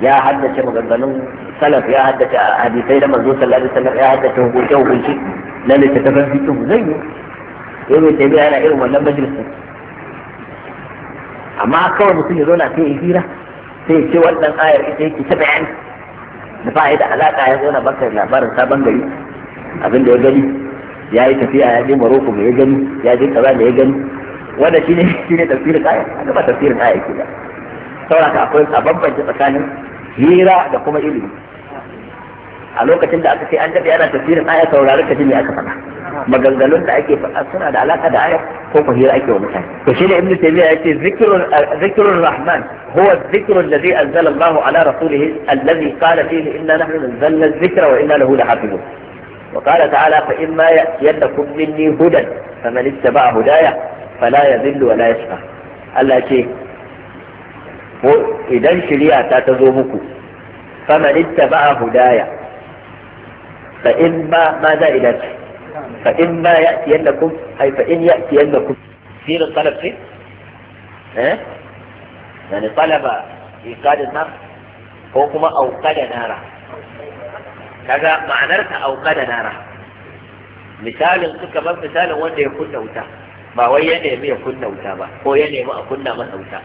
ya haddace maganganun salaf ya haddace hadisai da manzo sallallahu alaihi wasallam ya haddace hukunce hukunci na littattafan fiqh zai yi ibn taymiya yana irin wannan majalisin amma kawai mutum ya zauna sai ya hira sai ya ce wannan ayar ita yake ta bayani da ba da alaka ya zauna baka labarin sabon gari abin da ya gani ya yi tafiya ya je maroko mai ya gani ya je kaza mai ya gani wanda shine shine tafsirin ayar ba tafsirin ayar ke da saboda akwai a bambance tsakanin hira da kuma ilimi a lokacin da aka ce an daɗe ana tafiyar aya saurari ka jini aka faɗa maganganun da ake faɗa suna da alaƙa da aya ko ko hira ake wa mutane to shi ne ibnu taymiya yace zikrun zikrun rahman huwa zikrun alladhi anzala Allah ala rasulihi alladhi qala fihi inna nahnu nazzalna dhikra wa inna lahu lahafizun وقال تعالى فإما يأتينكم مني هدى فمن اتبع هدايا فلا يذل ولا يشقى Allah ce ko idan shirya ta ta zo muku faman ittaba'a hudaya fa in ba ma za ila fa in ma ya'tiyannakum ai fa in ya'tiyannakum fi talab fi eh yani talaba kada na ko kuma auqada nara kaga ma'anar ta auqada nara misalin suka bar misalin wanda ya kunna wuta ba wai ya nemi ya kunna wuta ba ko ya nemi a kunna masa wuta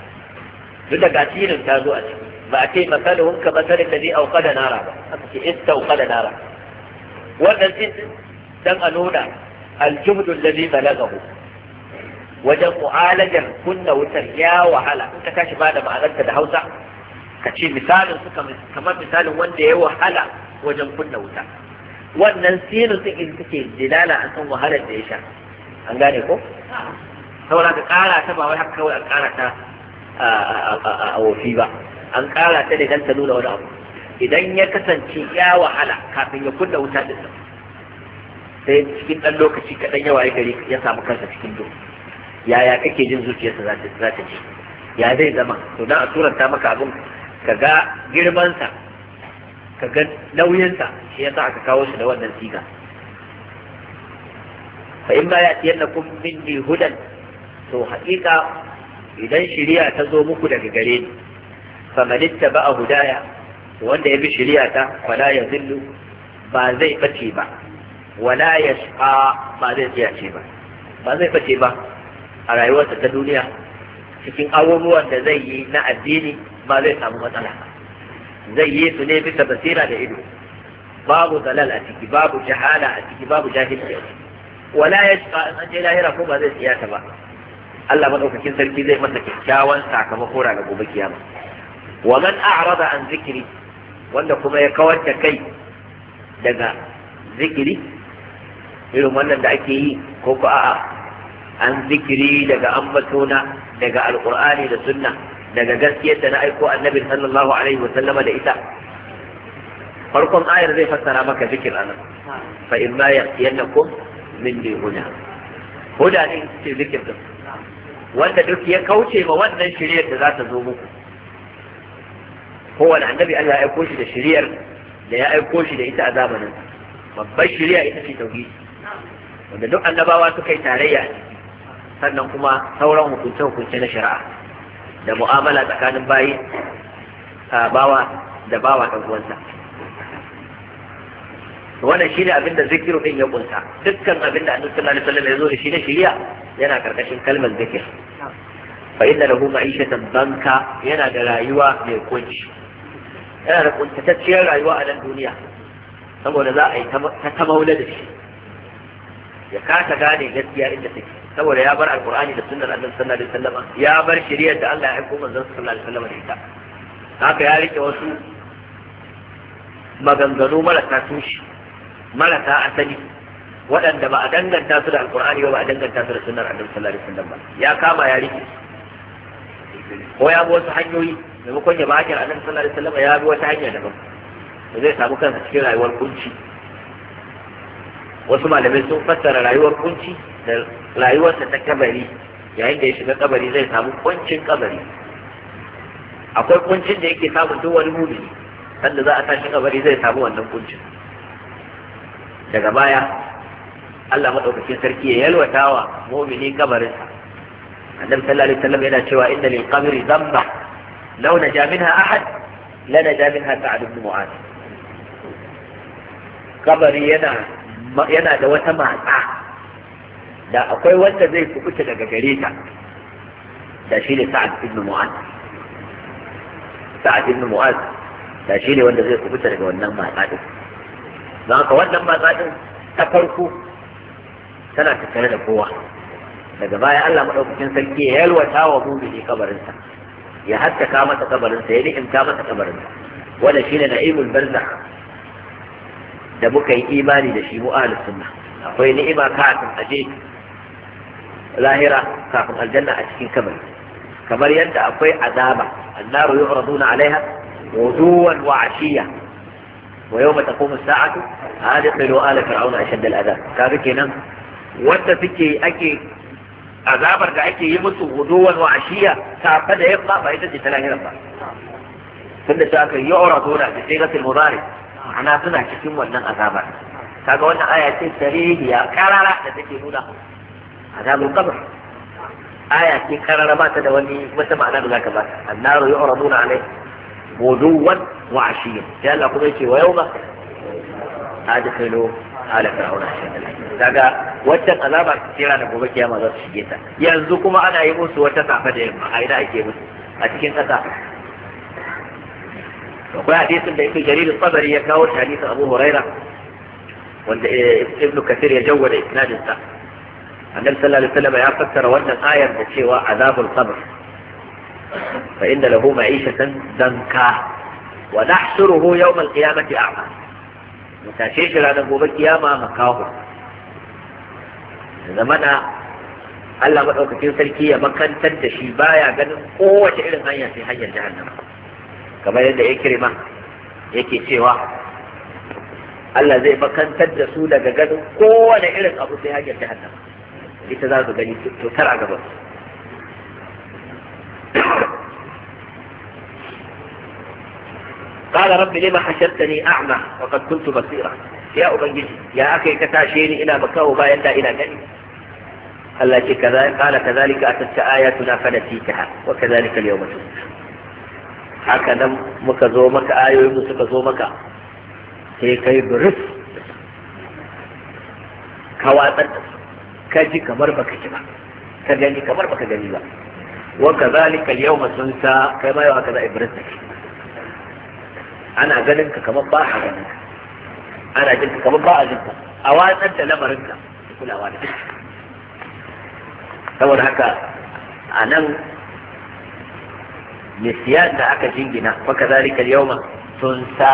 duk da gasirin ta zo a ciki ba a ce masaluhum ka masalin da zai auka da nara ba aka ce ista auka da nara wannan din dan a nuna aljumdul ladhi balagahu wajen mu'alajar kunna wutar ya wahala in ka tashi ba da ma'anarta da Hausa ka ce misalin su kamar misalin wanda ya wahala wajen kunna wuta wannan sinin sun in take dilala a san wahalar da ya sha an gane ko saboda ka kara ta ba wai haka kawai a kara ta a wofi ba an kara ta ne don ta nuna wani abu idan ya kasance ya wahala kafin ya kunna wuta din nan sai cikin ɗan lokaci kaɗan yawa gari ya samu kansa cikin do yaya kake jin zuciyarsa za ta ji ya zai zama to dan a turanta maka abin ka ga girmansa ka ga sa shi yasa aka kawo shi da wannan siga fa in ma ya tiyanna kun min hudan to haƙiƙa idan shiriya ta zo muku daga gare ni famanitta ba a hudaya wanda ya bi shiriya ta wala ya zillu ba zai bace ba wala ya sha ba zai ce ba ba zai bace ba a rayuwarsa ta duniya cikin abubuwan da zai yi na addini ba zai samu matsala zai yi su ne bisa basira da ido babu zalal a ciki babu jahala a ciki babu jahilci wala ya sha an je lahira ko ba zai ta ba Allah madaukakin sarki zai masa kyakkyawan sakamako ranar gobe kiyama wa man a'rada an zikri wanda kuma ya kawar da kai daga zikiri irin wannan da ake yi ko ko a'a an zikiri daga ambatona daga alqur'ani da sunna daga gaskiyar da na aiko annabi sallallahu alaihi wa sallama da ita farkon ayar zai fassara maka zikir anan fa imma yaqiyannakum min huda huda ne ce zikir din wanda duk ya kauce ma wannan shiriyar da za ta zo muku kowane annabi Allah ya aiko shi da shiriyar da ya aiko shi da ita a zamanin babbar shiriya ita ce tauhidi wanda duk annabawa suka yi tarayya sannan kuma sauran hukunce hukunce na shari'a da mu'amala tsakanin bayi bawa da bawa ɗan uwansa wannan shine abin da zikiru din ya kunsa dukkan abin da annabi sallallahu alaihi wasallam ya zo da shi na shiriya yana karkashin kalmar zikir fa inna lahu ma'ishatan banka yana da rayuwa mai kunci yana da kuntatacciyar rayuwa a nan duniya saboda za a yi ta tamaula da shi ya kasa gane gaskiya inda take saboda ya bar alqur'ani da sunnar annabi sallallahu alaihi wasallam ya bar shari'ar da Allah ya aiko manzon sallallahu alaihi wasallam da ita haka ya rike wasu maganganu marasa tushe marasa asali waɗanda ba a danganta su da alkur'ani ba ba a danganta su da sunnar annabi sallallahu alaihi wasallam ba ya kama ya rike ko ya bi wasu hanyoyi maimakon ya ba hanyar annabi sallallahu alaihi wasallam ya bi wata hanya daban ba zai samu kansa cikin rayuwar kunci wasu malamai sun fassara rayuwar kunci da rayuwarsa ta kabari yayin da ya shiga kabari zai samu kuncin kabari akwai kuncin da yake samun duk wani mumini sanda za a tashi kabari zai samu wannan kuncin daga baya Allah madaukakin sarki ya yalwatawa mu'mini kabarinsa annabi sallallahu alaihi wasallam yana cewa inna lil qabri dhamma law naja minha ahad la naja minha sa'd ibn mu'az kabari yana yana da wata matsa da akwai wanda zai kubuta daga gare ta da shi ne sa'ad ibn mu'az sa'ad ibn mu'az da shi ne wanda zai kubuta daga wannan matsa din don haka wannan matsa ta farko tana tattare da kowa daga baya Allah madaukakin sarki ya yalwata wa mumini kabarinsa ya haskaka masa kabarinsa ya ni'imta masa kabarinsa wanda shine na'imul barzakh da muka yi imani da shi mu ahlus sunna akwai ni'ima kafin aje lahira kafin aljanna a cikin kabari kamar yadda akwai azaba annaru yu'raduna alaiha wuduwan wa ashiya ويوم تقوم الساعة هذه قلوا آل فرعون أشد الأذاب كابك نم وانت فكي أكي أذابر دعكي يمس غدوا وعشية سعقد يقضى فإذا تتلاهي لبا فإن شاك يعرضون بصيغة المضارب معنا سنة كتم وانا أذابر كابك وانا آية سريه يا كرارة تتكي هنا عذاب القبر آية كرارة ما تدواني مثل ما أنا بلاك النار يعرضون عليه غدوا وعشيا يا الله كما يجي ويوم أدخلوا على فرعون daga waccan azaba kira da gobe kiyama za su shige ta yanzu kuma ana yi musu wata safa da yamma a ina ake musu a cikin kasa akwai hadisin da ibnu jarir al-sabari ya kawo hadisin abu huraira wanda ibnu kathir ya jawwada isnadin sa annabi sallallahu alaihi wasallam ya fassara wannan ayar da cewa azabul qabr فإن له معيشة زنكا ونحشره يوم القيامة أعمى متاشيش لأن قوم القيامة مكاه زمنا Allah maɗaukakin sarki ya makantar da shi baya ganin kowace irin hanya sai hanyar jahannama kamar yadda ya kirma yake cewa Allah zai makantar da su daga ganin kowane irin abu sai hanyar jahannama ita za su gani cutar a gaban su قال رب لما حشرتني أعمى وقد كنت بصيرا يا أبنجي يا أخي كتاشيني إلى بكاء باين لا إلى جني الله كذلك قال كذلك أتت آياتنا فنسيتها وكذلك اليوم تنسى هكذا مكا زو مكا آيو يمسك زو مكا sai kai buris ka watsar ka ji kamar baka ji ba ka gani kamar baka gani ba wa kazalika al-yawma tunsa kai ma yau aka za ibris ana ganin ka kamar ba a ana jin ka kamar ba a a watsar da lamarin ka kulawa da saboda haka a nan nisiyan da aka jingina wa kazalika al-yawma tunsa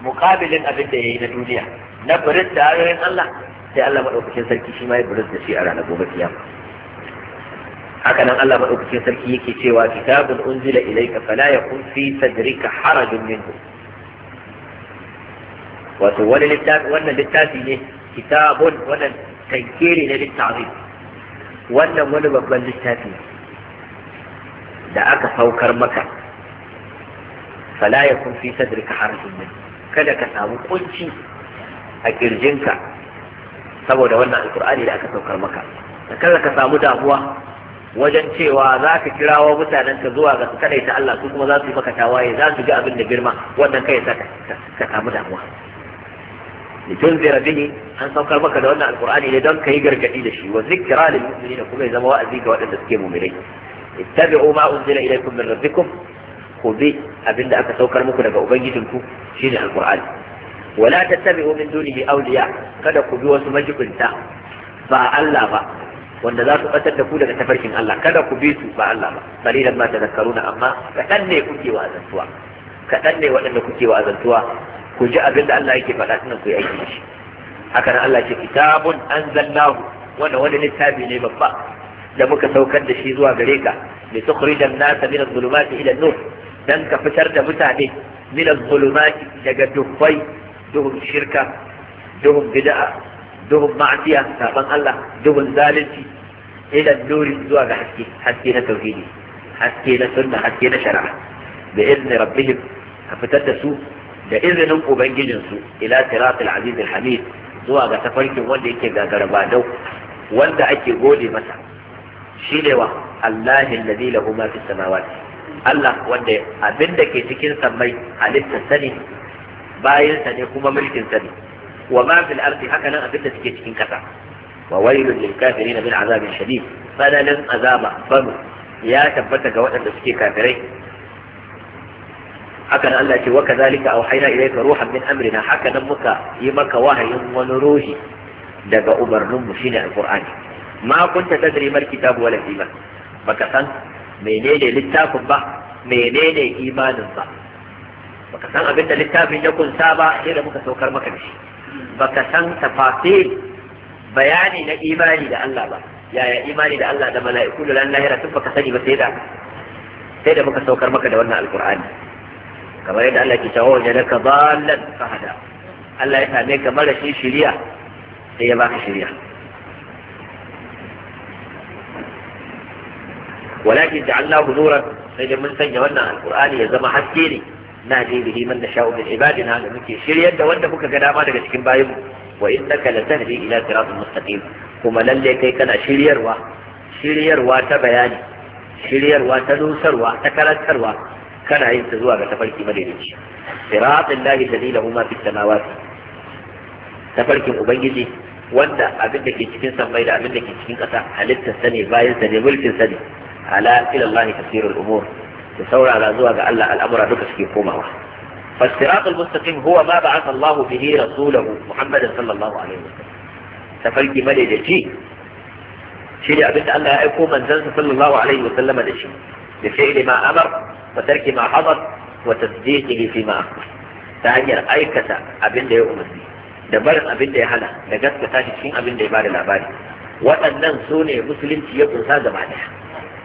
muqabilin abin da yayi na duniya na birin da ayoyin Allah sai Allah sarki shi ma shi a ranar gobe haka nan Allah madaukakin sarki yake cewa kitabun unzila ilayka fala yakun fi sadrika harajun minhu wato wani littafi wannan littafi ne kitabun wannan tankiri ne littafi wannan wani babban littafi da aka saukar maka fala yakun fi sadrika harajun minhu kada ka samu kunci a kirjinka saboda wannan alkur'ani da aka saukar maka kada ka samu damuwa wajen cewa za ka kirawo mutanenka zuwa ga su ta Allah su kuma za su yi maka tawaye za su ji abin da girma wannan kai sa ka kamu damuwa litunzira bihi an saukar maka da wannan alqur'ani ne don kai gargadi da shi wa zikra lil mu'minina kuma ya zama wa'azi ga waɗanda suke mu'minai ittabi'u ma unzila ilaykum min rabbikum khudhi abinda aka saukar muku daga ubangijinku shine alqur'ani wala tattabi'u min dunihi awliya kada ku bi wasu majibinta ba Allah ba wanda za su ɓatar da ku daga tafarkin Allah kada ku bi su ba Allah ba qalilan ma tadhakkaruna amma kaɗan ne kuke wa azantuwa kadan ne waɗanda kuke wa azantuwa ku ji abin da Allah yake faɗa sunan ku yi aiki da shi haka nan Allah ce kitabun anzalnahu wannan wani littafi ne babba da muka saukar da shi zuwa gare ka li tukhrijan nasa min adh-dhulumati ila an-nur dan ka fitar da mutane min adh-dhulumati daga dubbai duhun shirka duhun bid'a duhun ma'asiya saban Allah duhun zalunci idan nuri zuwa ga haske haske na tauhidi haske na sunna haske na shari'a bi izni rabbihim a fitar da su da izinin ubangijin su ila siratul aziz hamid zuwa ga tafarkin wanda yake gagara dau wanda ake gode masa shine wa Allahi alladhi lahu ma fis samawati Allah wanda abinda ke cikin sammai halitta sani bayan sa ne kuma mulkin sani. wa ma fil ardi haka nan abin da suke cikin kasa wa wailul lil kafirin min azabin shadid fadalan azaba banu ya tabbata ga waɗanda suke kafirai haka nan Allah ce wa kazalika auhayna ilayka ruhan min amrina haka nan muka yi maka wahayin wani ruhi daga umarnin mu shine alqur'ani ma kunta tadri mal kitab wala iman baka san menene littafin ba menene imanin ba baka san abinda littafin ya kunsa ba sai da muka saukar maka da shi baka san tafasir bayani na imani da Allah ba yaya imani da Allah da mala'iku da ran lahira tun baka sani ba sai da sai da muka saukar maka da wannan alqur'ani kamar yadda Allah ke cewa wajen ka ballan fahada Allah ya same ka mara shi shiriya sai ya baka shiriya walakin ja'alnahu nuran sai da mun sanya wannan alqur'ani ya zama haske ne nahdi bihi man nasha'u min ibadina da muke shiryar da wanda muka ga dama daga cikin bayin wa innaka latahdi ila siratal mustaqim kuma lalle kai kana shiryarwa shiryarwa ta bayani shiryarwa ta nusarwa ta karantarwa kana yin ta zuwa ga tafarki madaidaici siratal lahi alladhi lahu ma fis samawati tafarkin ubangiji wanda abin da ke cikin sammai da abin da ke cikin ƙasa halittar sani bayan sa mulkin sani ala ila allahi تسول على ازواج ألا الأمر نكس في قومه فالصراط المستقيم هو ما بعث الله به رسوله محمدا صلى الله عليه وسلم سفلت ملي دجي شيء أبنت ألا أكو من زنس صلى الله عليه وسلم دجي بفعل ما أمر وترك ما حضر وتصديقه فيما أخبر تعني أي كتا أبنت يؤمن به دبرت ابن أبنت يهلا لقد كتاشت فين أبنت يبالي لأباري وأن ننسوني مسلم في يوم سادة بعدها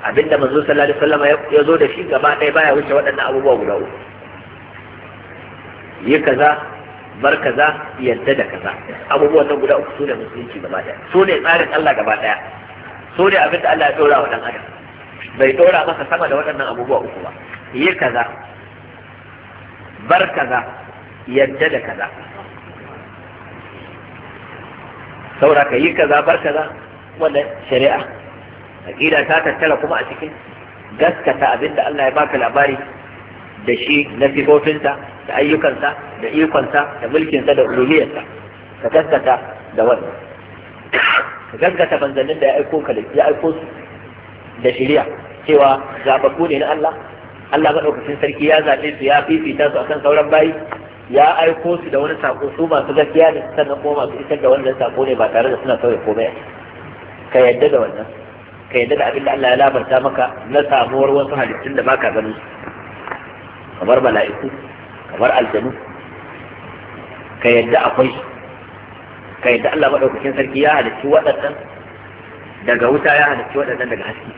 abinda manzo sallallahu alaihi wasallam ya zo da shi gaba ɗaya baya wuce waɗannan abubuwa guda uku yi kaza bar kaza yadda da kaza abubuwan nan guda uku sune musulunci gaba ɗaya Sune tsarin Allah gaba ɗaya Sune abinda Allah ya ɗora wa ɗan adam bai ɗora masa sama da waɗannan abubuwa uku ba yi kaza bar kaza yadda da kaza saura ka yi kaza bar kaza wannan shari'a aqida ta tattara kuma a cikin gaskata abinda Allah ya baka labari da shi na sifofinsa da ayyukansa da ikonsa da mulkinsa da ulumiyarsa ka gaskata da wannan ka gaskata manzannin da ya aiko ka da ya aiko da shari'a cewa zaɓaɓɓu ne na Allah Allah madaukakin sarki ya zaɓe su ya fifita su akan sauran bayi ya aiko su da wani sako su masu gaskiya da sannan kuma masu isar da wannan sako ne ba tare da suna sauya komai ka yadda da wannan ka yadda da abin da Allah ya labarta maka na samuwar wasu halittun da baka ganin su kamar mala'iku kamar aljanu ka yadda akwai ka yadda Allah maɗaukakin sarki ya halitti waɗannan daga wuta ya halitti waɗannan daga haske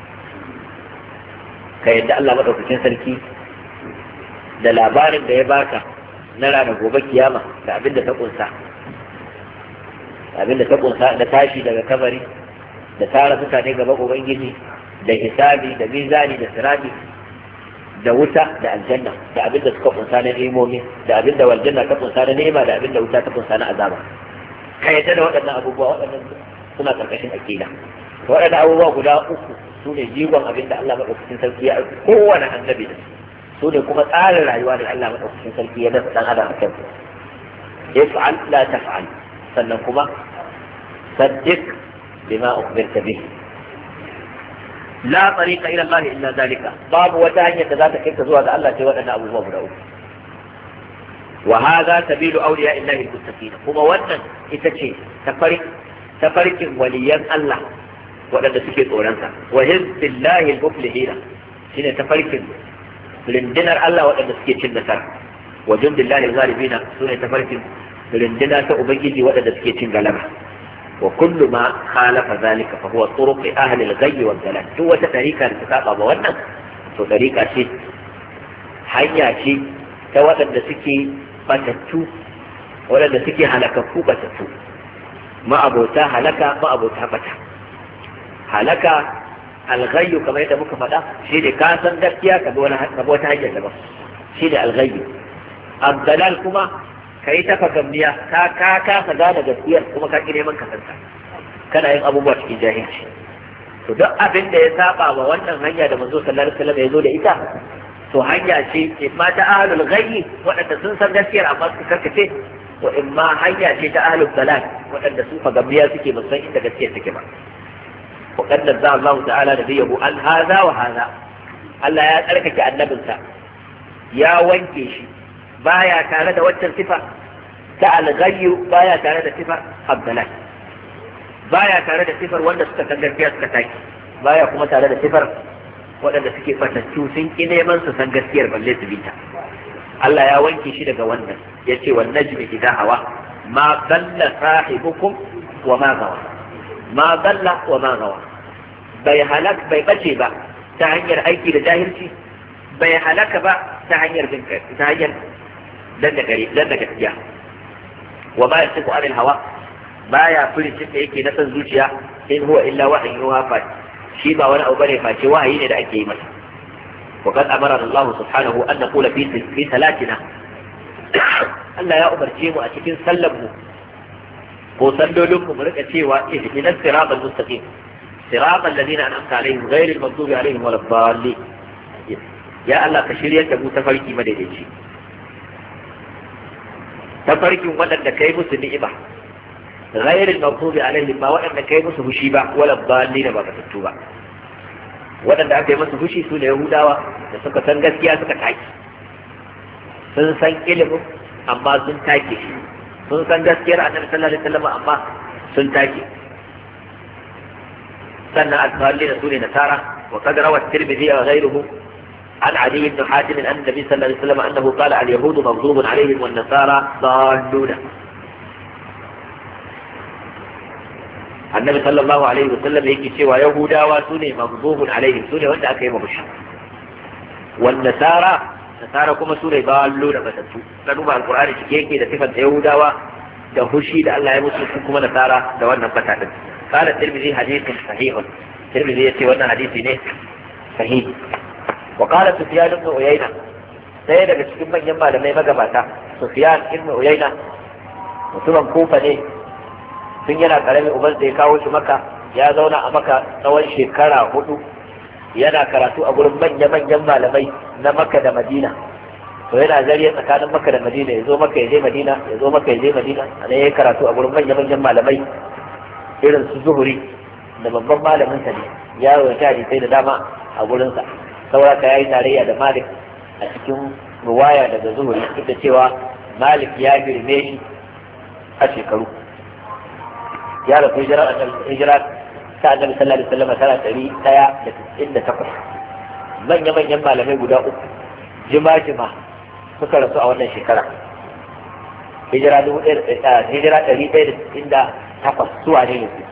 ka yadda Allah maɗaukakin sarki da labarin da ya baka na ranar gobe kiyama da abin da ta kunsa abin da ta kunsa da tashi daga kabari da tara mutane gaba ubangiji da hisabi da mizani da sirati da wuta da aljanna da abinda suka kunsa na ni'imomi da abinda waljanna ta kunsa na nema da abinda wuta ta kunsa na azaba ka yadda da waɗannan abubuwa waɗannan suna karkashin akida waɗannan abubuwa guda uku su ne jigon abinda Allah maɗaukakin sarki ya aiki kowane annabi da su ne kuma tsarin rayuwa da Allah maɗaukakin sarki ya nasa ɗan adam a kansu yaf'al la taf'al sannan kuma saddiq بما أخبرت به لا طريق إلى الله إلا ذلك باب وتانية ذات كيف تزوى ذا الله سوى أن أبو بكر وهذا سبيل أولياء الله المتقين هما وانا إتشي تفرق تفرق وليا الله waɗanda suke tsoronsa wa hizbillahi al-muflihina shine tafarkin rindinar Allah waɗanda suke cin nasara wa jundillahi al-ghalibina sune tafarkin rindina ta ubangiji waɗanda suke cin galaba وكل ما خالف ذلك فهو طرق أهل الغي والضلال هو طريقة لتتابع بوانا to ɗariƙa ce hanya ce ta waɗanda suke batattu waɗanda suke halakakku batattu ma'abota halaka ma'abota bata halaka alghayyu kamar yadda muka faɗa shi ne ka san gaskiya ka bi wata hanyar daban shi ne alghayyu abdalal kuma ka yi ta fagamniya ka ka kasa gane gaskiyar kuma ka ki neman kasanta kana yin abubuwa cikin jahilci to duk abin da ya saba wa wannan hanya da manzo sallallahu alaihi wasallam ya zo da ita to hanya ce in ma ta ahlul ghayyi waɗanda sun san gaskiyar amma su karkace wa in ma hanya ce ta ahlul dalal waɗanda su fagamniya suke ba san inda gaskiyar take ba wa qadda za Allah ta'ala da nabiyahu an haza wa haza. Allah ya tsarkake annabinsa ya wanke shi baya tare da waccan sifa ta alghayyu baya tare da sifar abdalai baya tare da sifar wanda suka san gaskiya suka taki kuma tare da sifar waɗanda suke fatattu sun ƙi neman su san gaskiyar balle Allah ya wanke shi daga wannan ya ce ma wa ma wa bai halaka bai bace ba ta hanyar aiki da jahilci bai halaka ba ta hanyar ta hanyar dan da dan da gaskiya wa ba yasiku anil hawa baya furicin da yake na san zuciya in huwa illa wahyi ruha fa shi ba wani abu bane face wahayi ne da ake yi masa wa qad amara Allah subhanahu an naqula fi fi salatina Allah ya umarce mu a cikin sallar mu ko sallolin mu rika cewa ihdinas siratal mustaqim siratal ladina an'amta alaihim ghayril maghdubi alaihim waladdallin ya Allah ka shiryar da mu farki madaidaici tafarkin waɗanda kai musu ni'ima ghairil maghdubi alaihim ba waɗanda kai musu fushi ba wala dhalina ba batattu ba waɗanda aka yi musu fushi su ne yahudawa da suka san gaskiya suka taki sun san ilimin amma sun take sun san gaskiyar annabi sallallahu amma sun take sannan su ne nasara wa rawar rawa at عن علي بن حاتم أن النبي صلى الله عليه وسلم أنه قال اليهود مغضوب عليهم والنصارى ضالون النبي صلى الله عليه وسلم هيك شيء ويهودا وسني مغضوب عليهم سني وانت أكيم بشر والنصارى نصارى كما سني ضالون مثلا فنوما القرآن شكيك إذا تفت يهودا وهشي لألا يمسل كما نصارى دوانا فتاة قال الترمذي حديث صحيح الترمذي يتي وانا حديث صحيح wa qala sufyan ibn uyayna sai daga cikin manyan malamai magabata sufyan ibn uyayna mutumin kufa ne tun yana karami uban sai kawo shi maka ya zauna a maka tsawon shekara hudu yana karatu a gurin manya-manyan malamai na maka da madina to yana zariya tsakanin maka da madina ya zo maka ya je madina ya zo maka ya je madina a nan ya karatu a gurin manya-manyan malamai irin su zuhuri da babban malamin sa ne ya rawaita hadisai da dama a gurinsa saura ka yayi tarayya da malik a cikin ruwaya daga zuhuri duk da cewa malik ya girme shi a shekaru ya rasu hijira ta annabi sallallahu alaihi wasallam tana ɗari ɗaya da tisɗin da takwas manya-manyan malamai guda uku jima-jima suka rasu a wannan shekara hijira eh, ɗari ɗaya da tisɗin da takwas zuwa ne yanzu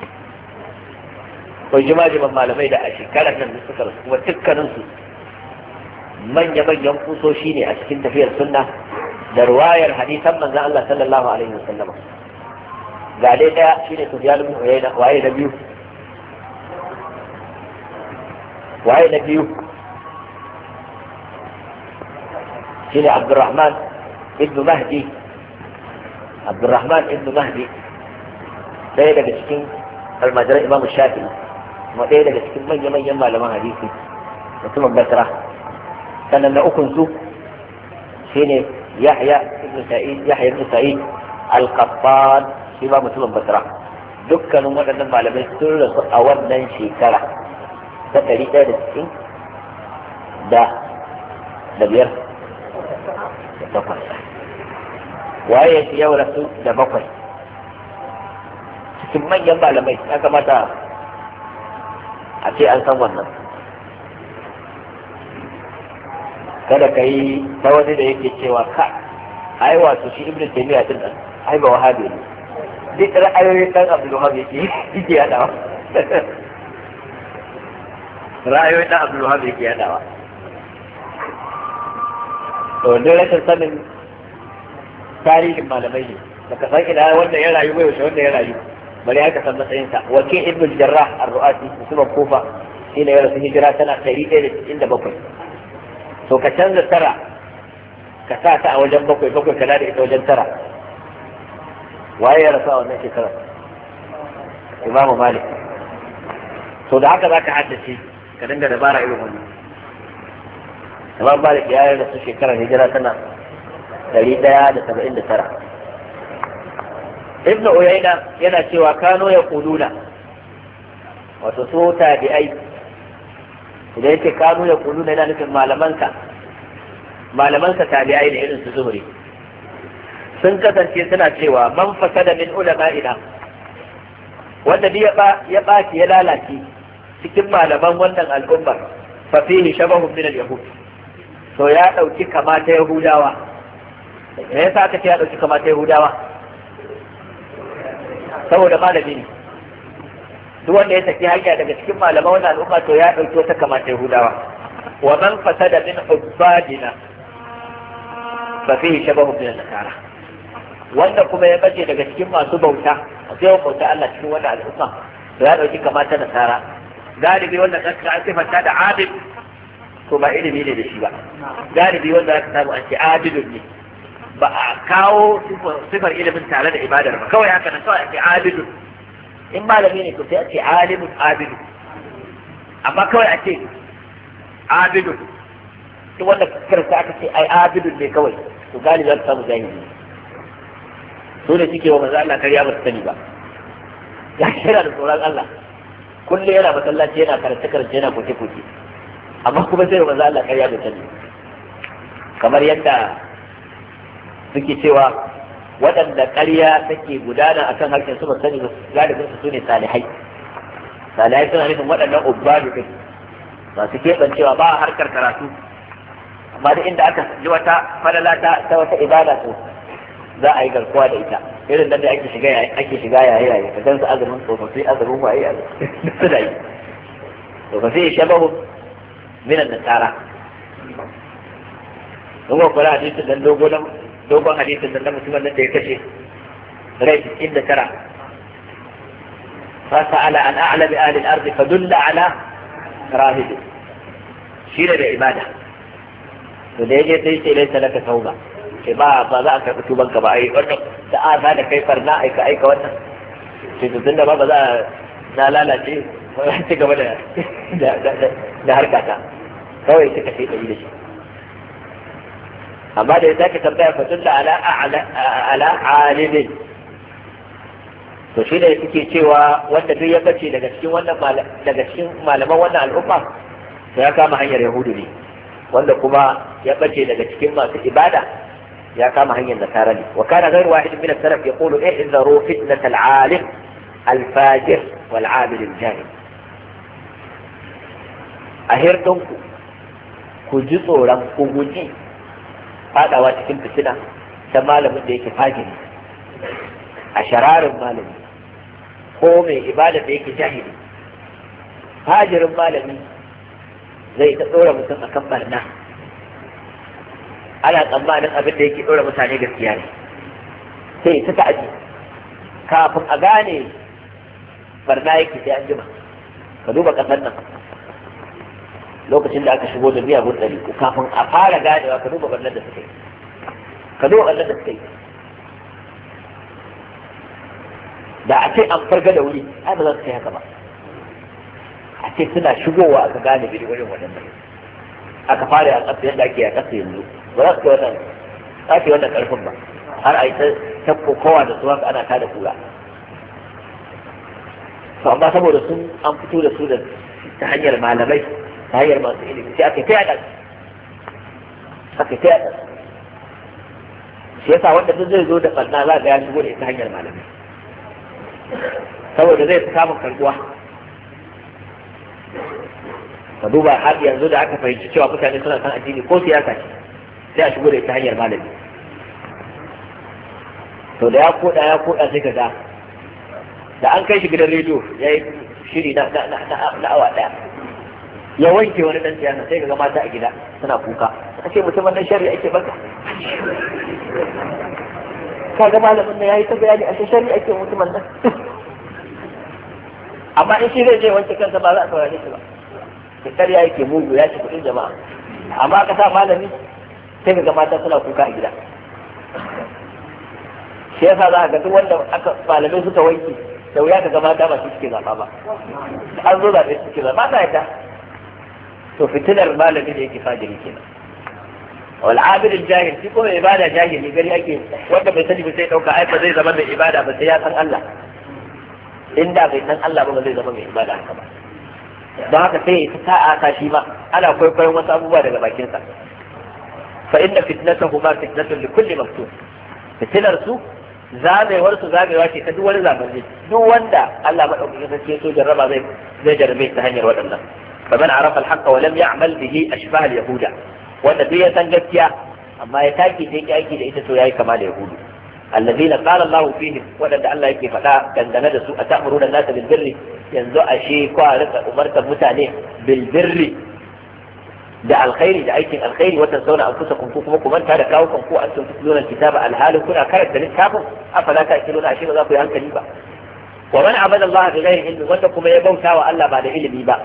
ko jima-jiman malamai da a shekarar nan suka rasu kuma dukkaninsu manya-manyan kusoshi ne a cikin tafiyar sunna da ruwayar hadisan manzan Allah sallallahu alaihi wasallam ga dai daya shine Sufyan ibn Uyayna waye na biyu waye na biyu Shi shine Abdurrahman ibn Mahdi Abdurrahman ibn Mahdi ɗaya daga cikin almajiran Imam Shafi, kuma ɗaya daga cikin manya-manyan malaman hadisi mutumin Basra sannan na ukun su shine yahya sa'id yahya ibn sa'id al-qattan shi ba mutumin basra dukkanin waɗannan malamai sun rasu a wannan shekara ta ɗari ɗaya da cikin da da biyar da takwas waye ya fi yau rasu da bakwai cikin manyan malamai ya kamata a ce an san wannan kada ka yi ta wani da yake cewa ka ai wato shi ibn taymiya din nan ai ba wahabi ne duk ra'ayoyin dan abdul wahab yake yake wa ra'ayoyin dan abdul wahab yake wa to duk rashin sanin tarihin malamai ne baka san ina wanda ya rayu ba yaushe wanda ya rayu bari aka san matsayinsa wakil ibn jarrah ar-ru'asi musulman kufa shine ya rasu hijira tana 197 to ka canza tara ka sa ta a wajen bakwai bakwai ka da ita wajen tara waye ya rasa wannan shekarar imamu malik to da haka za ka haddace ka dinga dabara irin wannan imam malik ya yi rasu shekarar hijira tana dari ɗaya da saba'in da tara ibnu uyayna yana cewa kano ya kuluna wato su tabi'ai idan yake kanu ya kulu na nufin malamansa malamansa tabi'ai da irin su zuhuri sun kasance suna cewa man da min ina. wanda bi ya ɓaki ya lalace cikin malaman wannan al'ummar fa fihi shabahun min al-yahud to ya ɗauki kama ta yahudawa me yasa aka ce ya ɗauki kama ta yahudawa saboda malami ne duk wanda ya saki hanya daga cikin malaman wannan al'umma to ya ɗauki wata kamar Yahudawa wa man fasada min ubbadina fa fihi shabahu min nasara wanda kuma ya bace daga cikin masu bauta sai yawan bauta Allah cikin wani al'umma to ya ɗauki kamar ta nasara galibi wanda ka ta sifanta da abid to ba ilimi ne da shi ba galibi wanda ka samu an ce abidun ne ba a kawo sifar ilimin tare da ibadar ba kawai haka nan kawai a ce abidun in malami ne to sai a ce alimun abidu amma kawai a ce abidu duk wanda karanta aka ce ai abidun ne kawai to galiban samu zahiri su ne suke wa manzo Allah kariya ba su sani ba ya kira da tsoron Allah kullum yana masallaci yana karanta karanta yana koke koke amma kuma sai manzo Allah kariya da sani kamar yadda suke cewa waɗanda ƙarya take gudana akan harshen su ba sani ba galibin su ne salihai salihai suna nufin waɗannan ubbadu din masu keɓancewa ba a harkar karatu amma duk inda aka ji wata falala ta wata ibada to za a yi garkuwa da ita irin nan da ake shiga ake shiga yayi yayi ka gansu azumin tsofaffi azumin wa yayi su da yi to fa sai shabahu min an-nasara don ko kula hadisin dan dogo dogon hadisin nan na mutumin nan da ya kashe rai inda tara فسأل عن أعلم أهل الأرض فدل على to شيل بعبادة وليه sai ليس لك توبة ke ba ba za ka fito banka ba ai wannan da aza da kai farna aika aika wannan ce to tunda ba ba za na lalace ba ci gaba da da harkata kawai suka sai da shi amma da ya sake tambaya fatun da ala alimin to shi ne suke cewa wanda duk ya bace daga cikin wannan daga cikin malaman wannan al'umma to ya kama hanyar yahudu ne wanda kuma ya bace daga cikin masu ibada ya kama hanyar nasara ne wa kana ghayr wahid min as-salaf yaqulu ihzaru fitnat al-alim al-fajir wal 'abid al-jahil a hirdinku ku ji tsoron ku guji fadawa cikin fitina ta malamin da yake fagiri, a shararin malami ko mai ibada da yake jahili fajirin malami zai ta tsora mutum a kan barna ana tsammanin abin da yake tsora mutane gaskiya ne sai ta ta'aji kafin a gane barna yake sai an jima ka duba ƙasar nan lokacin da aka shigo da miyagun ɗariƙu kafin a fara ganewa ka duba ɓarnar da suka yi ka duba ɓarnar da suka yi da a ce an farga da wuri ai ba za su kai haka ba a ce suna shigowa aka gane biri wurin waɗannan aka fara a ƙasa yadda ake a ƙasa yanzu ba za su kai wannan za su yi wannan ƙarfin ba har a yi ta kowa da su haka ana tada kura to amma saboda sun an fito da su da ta hanyar malamai ta hanyar masu ilimi sai ake yi ake yaɗa shi yasa wanda duk zai zo da ɓanna za ga ya shigo da ita hanyar malamai saboda zai samun karbuwa ka duba har yanzu da aka fahimci cewa mutane suna san addini ko siyasa ce sai a shigo da ita hanyar malami to da ya koɗa ya koɗa sai ka ga da an kai shi gidan rediyo ya yi shiri na awa ɗaya. ya wanke wani dan siyasa sai ga mata a gida suna kuka a ce mutumin nan shari'a ake baka ka ga malamin nan yayi ta bayani a shari'a ake mutumin nan amma in shi zai je wanke kansa ba za a saurare shi ba ki karya yake mugu ya ci kudin jama'a amma ka sa malami sai ga mata suna kuka a gida shi yasa za a ga duk wanda aka malamai suka wanke da wuya ka ga mata ba su suke zaba ba an zo zaɓe suke zaba na yadda to fitilar malamin da yake fajiri kenan wal abid jahil shi kuma ibada jahili gari ake wanda bai sani ba sai dauka ai ba zai zama mai ibada ba sai ya san Allah inda bai san Allah ba zai zama mai ibada haka ba don haka sai ya ta a kashi ba. ana kwaikwayon wasu abubuwa daga bakinsa fa inna fitnatahu ma fitnatun li kulli maktub fitinar su zamewar su zamewa ce ta duk wani zamani duk wanda Allah madaukakin sarki ya so jarraba zai zai jarrabe ta hanyar waɗannan فمن عرف الحق ولم يعمل به أشفى اليهود وتدية جتيا أما يتاكي تيك أيكي لإيسا سوياي كما اليهود الذين قال الله فيهم ولد الله يكي فتا كان دنادا سوء تأمرون الناس بالبر ينزو أشي قارق أمرت المتاني بالبر دع الخير دع أيكي الخير وتنسون أنفسكم كفوكم من كان كاوكم فوق أنتم تتلون الكتاب على الهال كنا كانت دليل كافر أفلا تأكلون أشي مضاقوا يهان كليبا ومن عبد الله بغير غير علم وتكم يبوتا وألا بعد علم يبا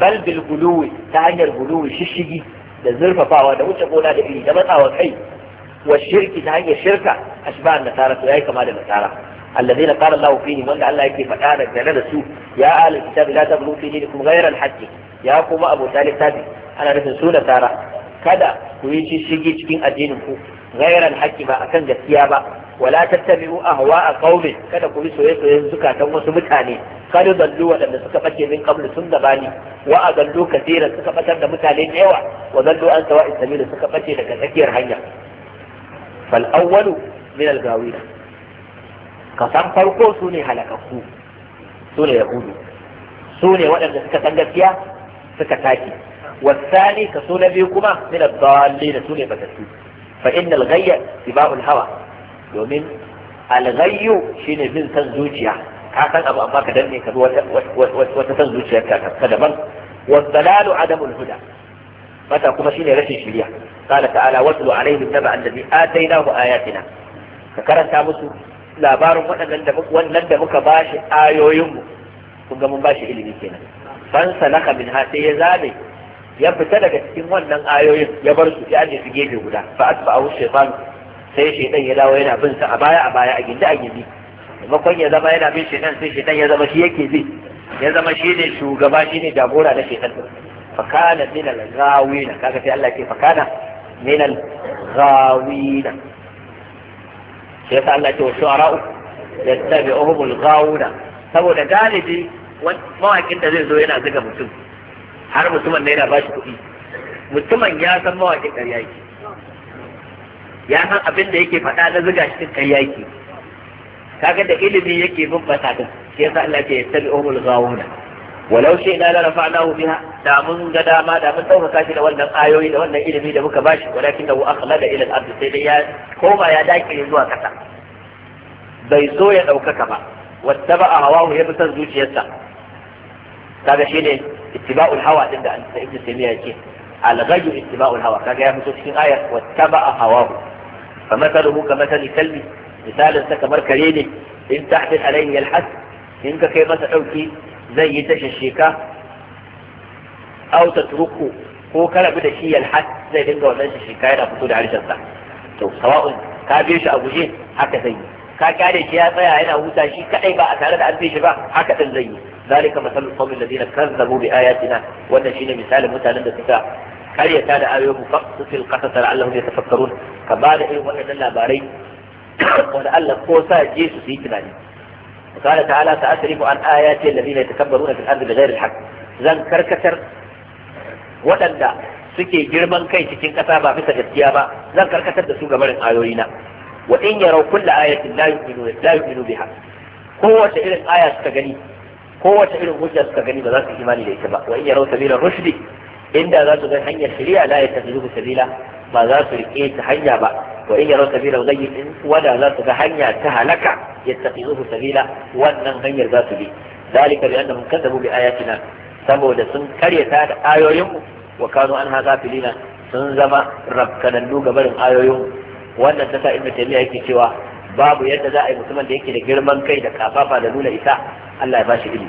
Balbil bil guluwi ta hanyar guluwi shishigi da zurfafawa da wuce gona da iri da matsawa kai wa shirki ta hanyar shirka ashba an nasara to yayi kama da nasara alladheena qala Allahu fihim wanda Allah yake faɗa da gane su ya ahli kitab la tablu fi dinikum ghayra ya kuma Abu Talib ana nufin su nasara kada ku yi shishigi cikin addinin ku ghayra al ba akan gaskiya ba wala hawa a qaumin kada ku bi soyayyen zukatan wasu mutane kad zallu waɗanda suka fake min qablu sun gabani wa adallu kaseeran suka fatar da mutane da yawa wa zallu an sawa'i sabila suka fake daga tsakiyar hanya fal awwalu min al gawina ka san farko su ne halakakku su ne yahudu su ne waɗanda suka san gaskiya suka take والثاني كسول بيكما من الضالين سول بتسول فإن الغي اتباع الهوى يومين الغي shine من san zuciya. ka san abu amma ka danne ka bi wata san zuciyarka ka daban والضلال عدم الهدى متى كما شيء رشي شريعة قال تعالى واتل عليهم النبع الذي آتيناه Ka karanta musu labarin wannan da muka bashi ayoyinmu kun ga mun bashi ilimi kenan fan salaka min sai ya zabe ya fita daga cikin wannan ayoyin ya bar su ya aje su gefe guda fa atba'ahu shaytan sai shaytan ya dawo yana bin sa a baya a baya a gindi a gindi maimakon ya zama yana bin shaitan sai shaitan ya zama shi yake bi ya zama shi ne shugaba shi ne jagora na shaitan fakana min al-ghawina kaga sai Allah ke fakana min al-ghawina sai yasa Allah ce wa shu'ara'u yattabi'uhum al-ghawuna saboda galibi mawakin da zai zo yana zuga mutum har mutumin ne yana ba shi kuɗi mutumin ya san mawakin ƙarya yake ya san abin da yake faɗa na zuga shi ƙarya yake kaga da ilimi yake bin fasahin shi yasa Allah ke yastabi'uhumul ghawuna walau shi ina la rafa'nahu biha da mun ga dama da mun dauka shi da wannan ayoyi da wannan ilimi da muka bashi walakin da akhlada ila al-ard sai dai ya koma ya dake zuwa kasa bai so ya ɗaukaka ba ba wattaba hawahu ya fi fitar zuciyarsa kaga shine ittiba'ul hawa din da Ibn Taymiyyah yake al-ghayyu ittiba'ul hawa kaga ya fito cikin ayar wattaba hawahu fa mathaluhu ka mathali kalbi misalin sa kamar kare ne in tahfil alayhi alhas in ka kai masa dauki zai yi ta shisheka auta tatruku ko ka rabu da shi alhas zai dinga wannan shisheka yana fito da harshen sa to sawa'un ka bi shi a guje haka zai yi ka kare shi ya tsaya yana huta shi kadai ba a tare da an bi shi ba haka din zai yi ذلك مثل القوم الذين كذبوا بآياتنا وأن شيء مثال مثلا لتكا قرية كان آيوم فقص في القصص لعلهم يتفكرون كما رأيوا أن الأباري wanda Allah ko sa je su yi tunani قال تعالى سأسرف عن آياتي الذين يتكبرون في الأرض بغير الحق zan karkatar waɗanda suke girman kai cikin ƙasa ba bisa gaskiya ba zan karkatar da su ga barin ayoyina wa in yarau kulla ayatin la yu'minu la yu'minu biha kowace irin aya suka gani kowace irin hujja suka gani ba za su imani da ita ba wa in yarau sabila rushdi inda za su ga hanyar shari'a la yattakhidhu sabila ba za su rike ta hanya ba wa in yaraw sabila al-ghayy in wada za su ga hanya ta halaka yattaqizuhu sabila wannan hanyar za su bi zalika bi annahum kadzabu bi ayatina saboda sun karyata da ayoyinmu wa kanu anha ghafilina sun zama rabkanannu ga barin ayoyin wannan ta sa ibnu taymiya yake cewa babu yadda za a yi musulman da yake da girman kai da kafafa da nuna isa Allah ya bashi ilimi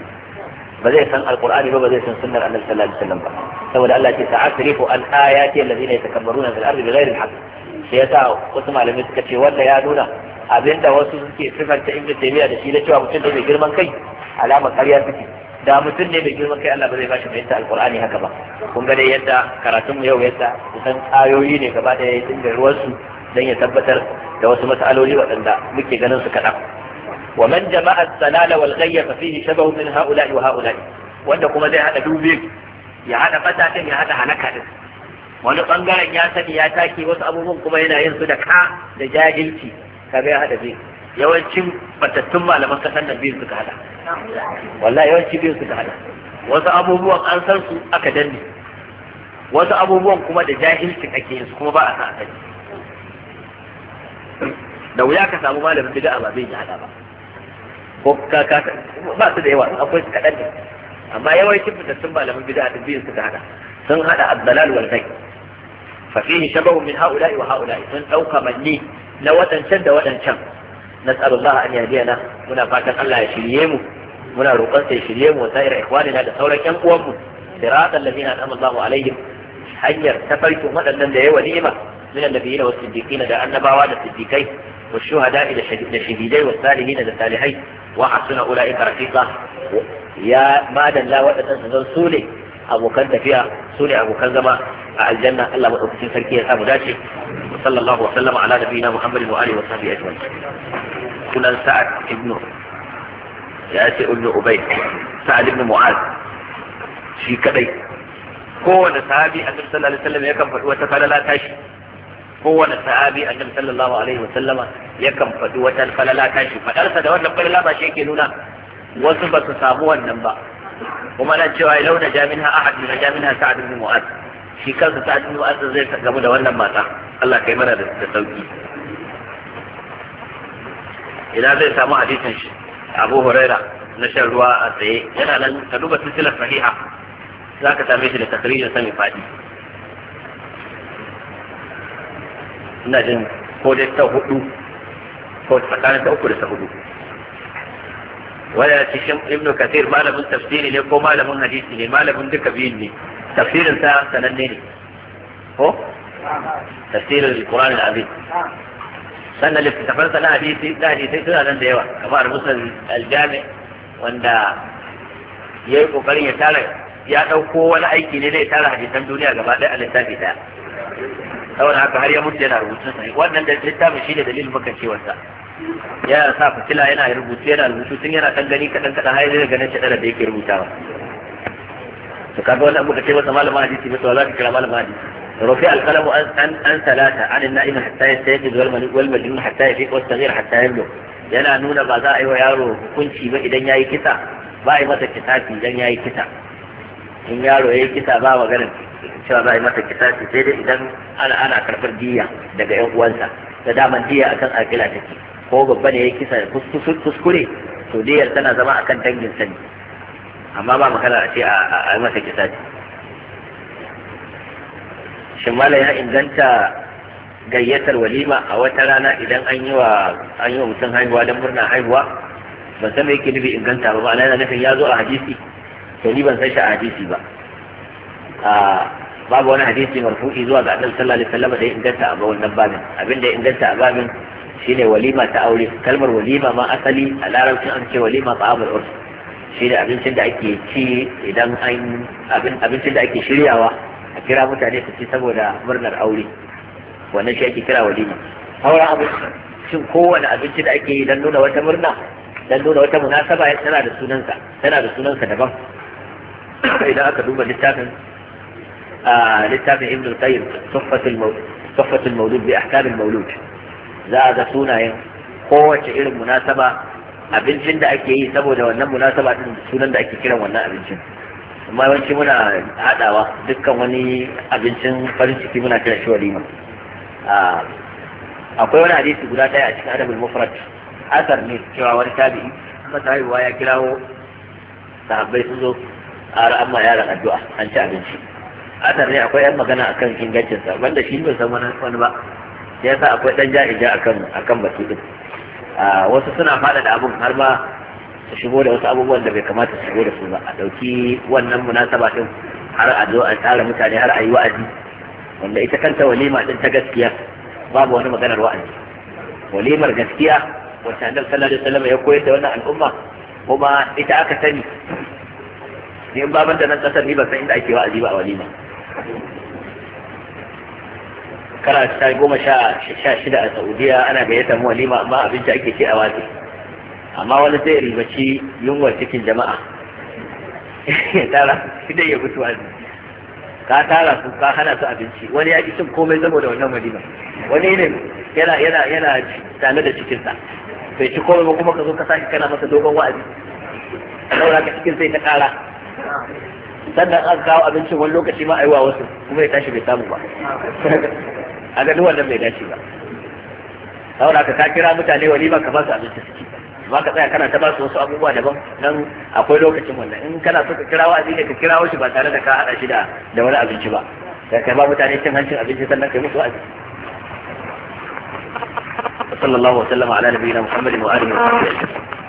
ba zai san alqur'ani ba ba zai san sunnar annabi sallallahu alaihi wasallam ba saboda Allah ya ce sa'asrifu an ayati allazina yatakabbaruna fil ardi bighayri alhaq da ya sa wasu malamai suka ce wanda ya nuna abinda wasu suke sifanta ibnu taymiya da shi da cewa mutum ne mai girman kai Alamar ƙarya suke da mutum ne mai girman kai Allah ba zai bashi fahimta alqur'ani haka ba kun ga dai yadda karatun mu yau yadda kusan ayoyi ne gaba da ya dinga ruwan su dan ya tabbatar da wasu mas'aloli waɗanda muke ganin su kaɗan ومن جمع السلال والغي ففيه شبه من هؤلاء وهؤلاء wanda kuma zai hada dubi ya hada fatatin ya hada hanaka din wani bangaren ya sani ya take wasu abubuwan kuma yana yin su da ka da jahilci ka ya hada biyu yawancin batattun malaman kasan na biyu suka hada wallahi yawanci biyu suka hada wasu abubuwan an san su aka danne wasu abubuwan kuma da jahilci ake yin su kuma ba a sa sani da wuya ka samu malamin bid'a ba zai hada ba ko ka ka ba su da yawa akwai su kadan ne amma yawancin fitattun malamin bid'a da biyu suka hada sun hada ad wal ghayb ففيه شبه من هؤلاء وهؤلاء a أوقى مني نوة شد ودا شم نسأل الله أن يهدينا هنا فاتن الله يشريمه هنا رقص يشريمه وسائر إخواننا لثورة كم قومه صراط الذين أنعم الله عليهم hanyar ta farko waɗannan da yawa ni'ima min annabiyyin wa siddiqin da annabawa da siddiqai wa shuhada da shahidai wa salihin da salihai wa hasuna ulaika rafiqa ya abokan tafiya su ne abokan zama a aljanna Allah madaukakin sarki ya samu dace sallallahu alaihi wa ala nabiyina muhammadin wa alihi wa sahbihi ajma'in sunan sa'ad ibn ya ce ibn ubay sa'ad ibn mu'az shi kadai kowane sahabi annabi sallallahu alaihi wasallam kan faɗi wata falala tashi kowane sahabi annabi sallallahu alaihi ya kan faɗi wata falala tashi fadarsa da wannan falala ba shi yake nuna wasu ba su samu wannan ba kuma na cewa lau da jaminha ahad da jaminha sa'ad bin mu'az shi kansa sa'ad bin mu'az zai gamu da wannan mata Allah kai mana da sauki Ina zai samu hadisin shi Abu Huraira na shan ruwa a tsaye yana nan ka duba silsilar sahiha za ka same shi da takririn sami fadi ina jin ko dai ta hudu ko tsakanin ta uku da ta hudu Wani wanda cikin ibnu kathir malamin tafsiri ne ko malamin hadisi ne malamin duka biyun ne tafsirin sa sananne ne ko tafsirin alquran alazim sannan littattafan sa na hadisi na hadisai suna nan da yawa kamar musul aljami wanda ya yi kokarin ya tara ya ɗauko wani aiki ne zai tara hadisan duniya gaba ɗaya a littafi ɗaya saboda haka har ya mutu yana rubutun sa wannan littafin shi ne dalilin makancewar sa yana sa fitila yana rubutu yana rubutu tun yana kan gani kaɗan kaɗan har zai ganin shaɗar da yake rubutawa to kaga wannan muka ce masa malama hadisi ba to za ka kira malama hadisi rufi alqalamu an an salata an an-na'im hatta yastayiq wal malik wal majnun hatta yafiq was saghir hatta yamlu yana nuna ba za a yi wa yaro hukunci ba idan yayi kisa ba a yi masa kitafi idan yayi kisa in yaro yayi kisa ba maganar cewa za a yi masa kitafi sai dai idan ana ana karɓar diya daga ƴan uwansa da daman diya akan akila take ko babba ne ya kisa kuskure to diyar tana zama a kan dangin sani amma ba magana a ce a yi masa kisa ce shin ya inganta gayyatar walima a wata rana idan an yi wa an yi wa mutum haihuwa don murna haihuwa ban san me yake nufi inganta ba ma'ana yana nufin ya zo a hadisi to ni ban san shi a hadisi ba babu wani hadisi marfu'i zuwa ga annabi sallallahu alaihi wasallam da ya inganta a wannan babin abinda ya inganta a babin shine walima ta aure kalmar walima ma asali a larabcin an ce walima ta'amul urs shine abincin da ake ci idan an abincin da ake shiryawa a kira mutane su ci saboda murnar aure wannan shi ake kira walima sauran abincin kowane abinci da ake yi don nuna wata murna don nuna wata munasaba tana da sunansa tana da sunansa daban idan aka duba littafin ah, littafin ibn qayyim tuhfatul mawlud tuhfatul mawlud bi ahkam al-mawlud za a ga sunayen kowace irin munasaba abincin da ake yi saboda wannan munasaba din sunan da ake kiran wannan abincin amma yawanci muna haɗawa dukkan wani abincin farin ciki muna kira shi walima akwai wani hadisi guda ɗaya a cikin adabul mufrad asar ne cewa wani tabi'i masa ya kirawo sahabbai sun zo ara amma yaran addu'a an ci abinci asar ne akwai yan magana akan ingancinsa wanda shi bai san wani ba shi yasa akwai dan ja'ija akan akan baki din wasu suna da abun har ma su shigo da wasu abubuwan da bai kamata su shigo da su ba a dauki wannan munasaba din har a zo a tsara mutane har a yi wa'azi wanda ita kanta walima din ta gaskiya babu wani maganar wa'azi walimar gaskiya wacce annabi sallallahu alaihi wasallam ya koyar da wannan al'umma kuma ita aka sani ni in baban da nan kasar ni ba san inda ake wa'azi ba a walima kara ta goma sha shida a saudiya ana gayyatar mu walima amma abinci ake ce a wace amma wani sai ribaci yunwa cikin jama'a ya tara dai ya mutu wani ka tara su ka hana su abinci wani ya ki cin komai saboda wannan walima wani ne yana yana yana tare da cikin sa. bai ci komai kuma ka zo ka sake kana masa dogon wa'azi saboda ka cikin sai ta kara sannan an kawo abincin wani lokaci ma aiwa wasu kuma ya tashi bai samu ba a ganin wannan bai dace ba saboda ka ka kira mutane wani ba ka ba su abinci suke ba ka tsaya kana ta ba su wasu abubuwa daban nan akwai lokacin wannan in kana so ka kira wa'azi ne ka kirawo shi ba tare da ka haɗa shi da wani abinci ba da kai ba mutane cin hancin abinci sannan kai musu wa'azi sallallahu alaihi wa sallam ala nabiyina muhammadin wa alihi wa sahbihi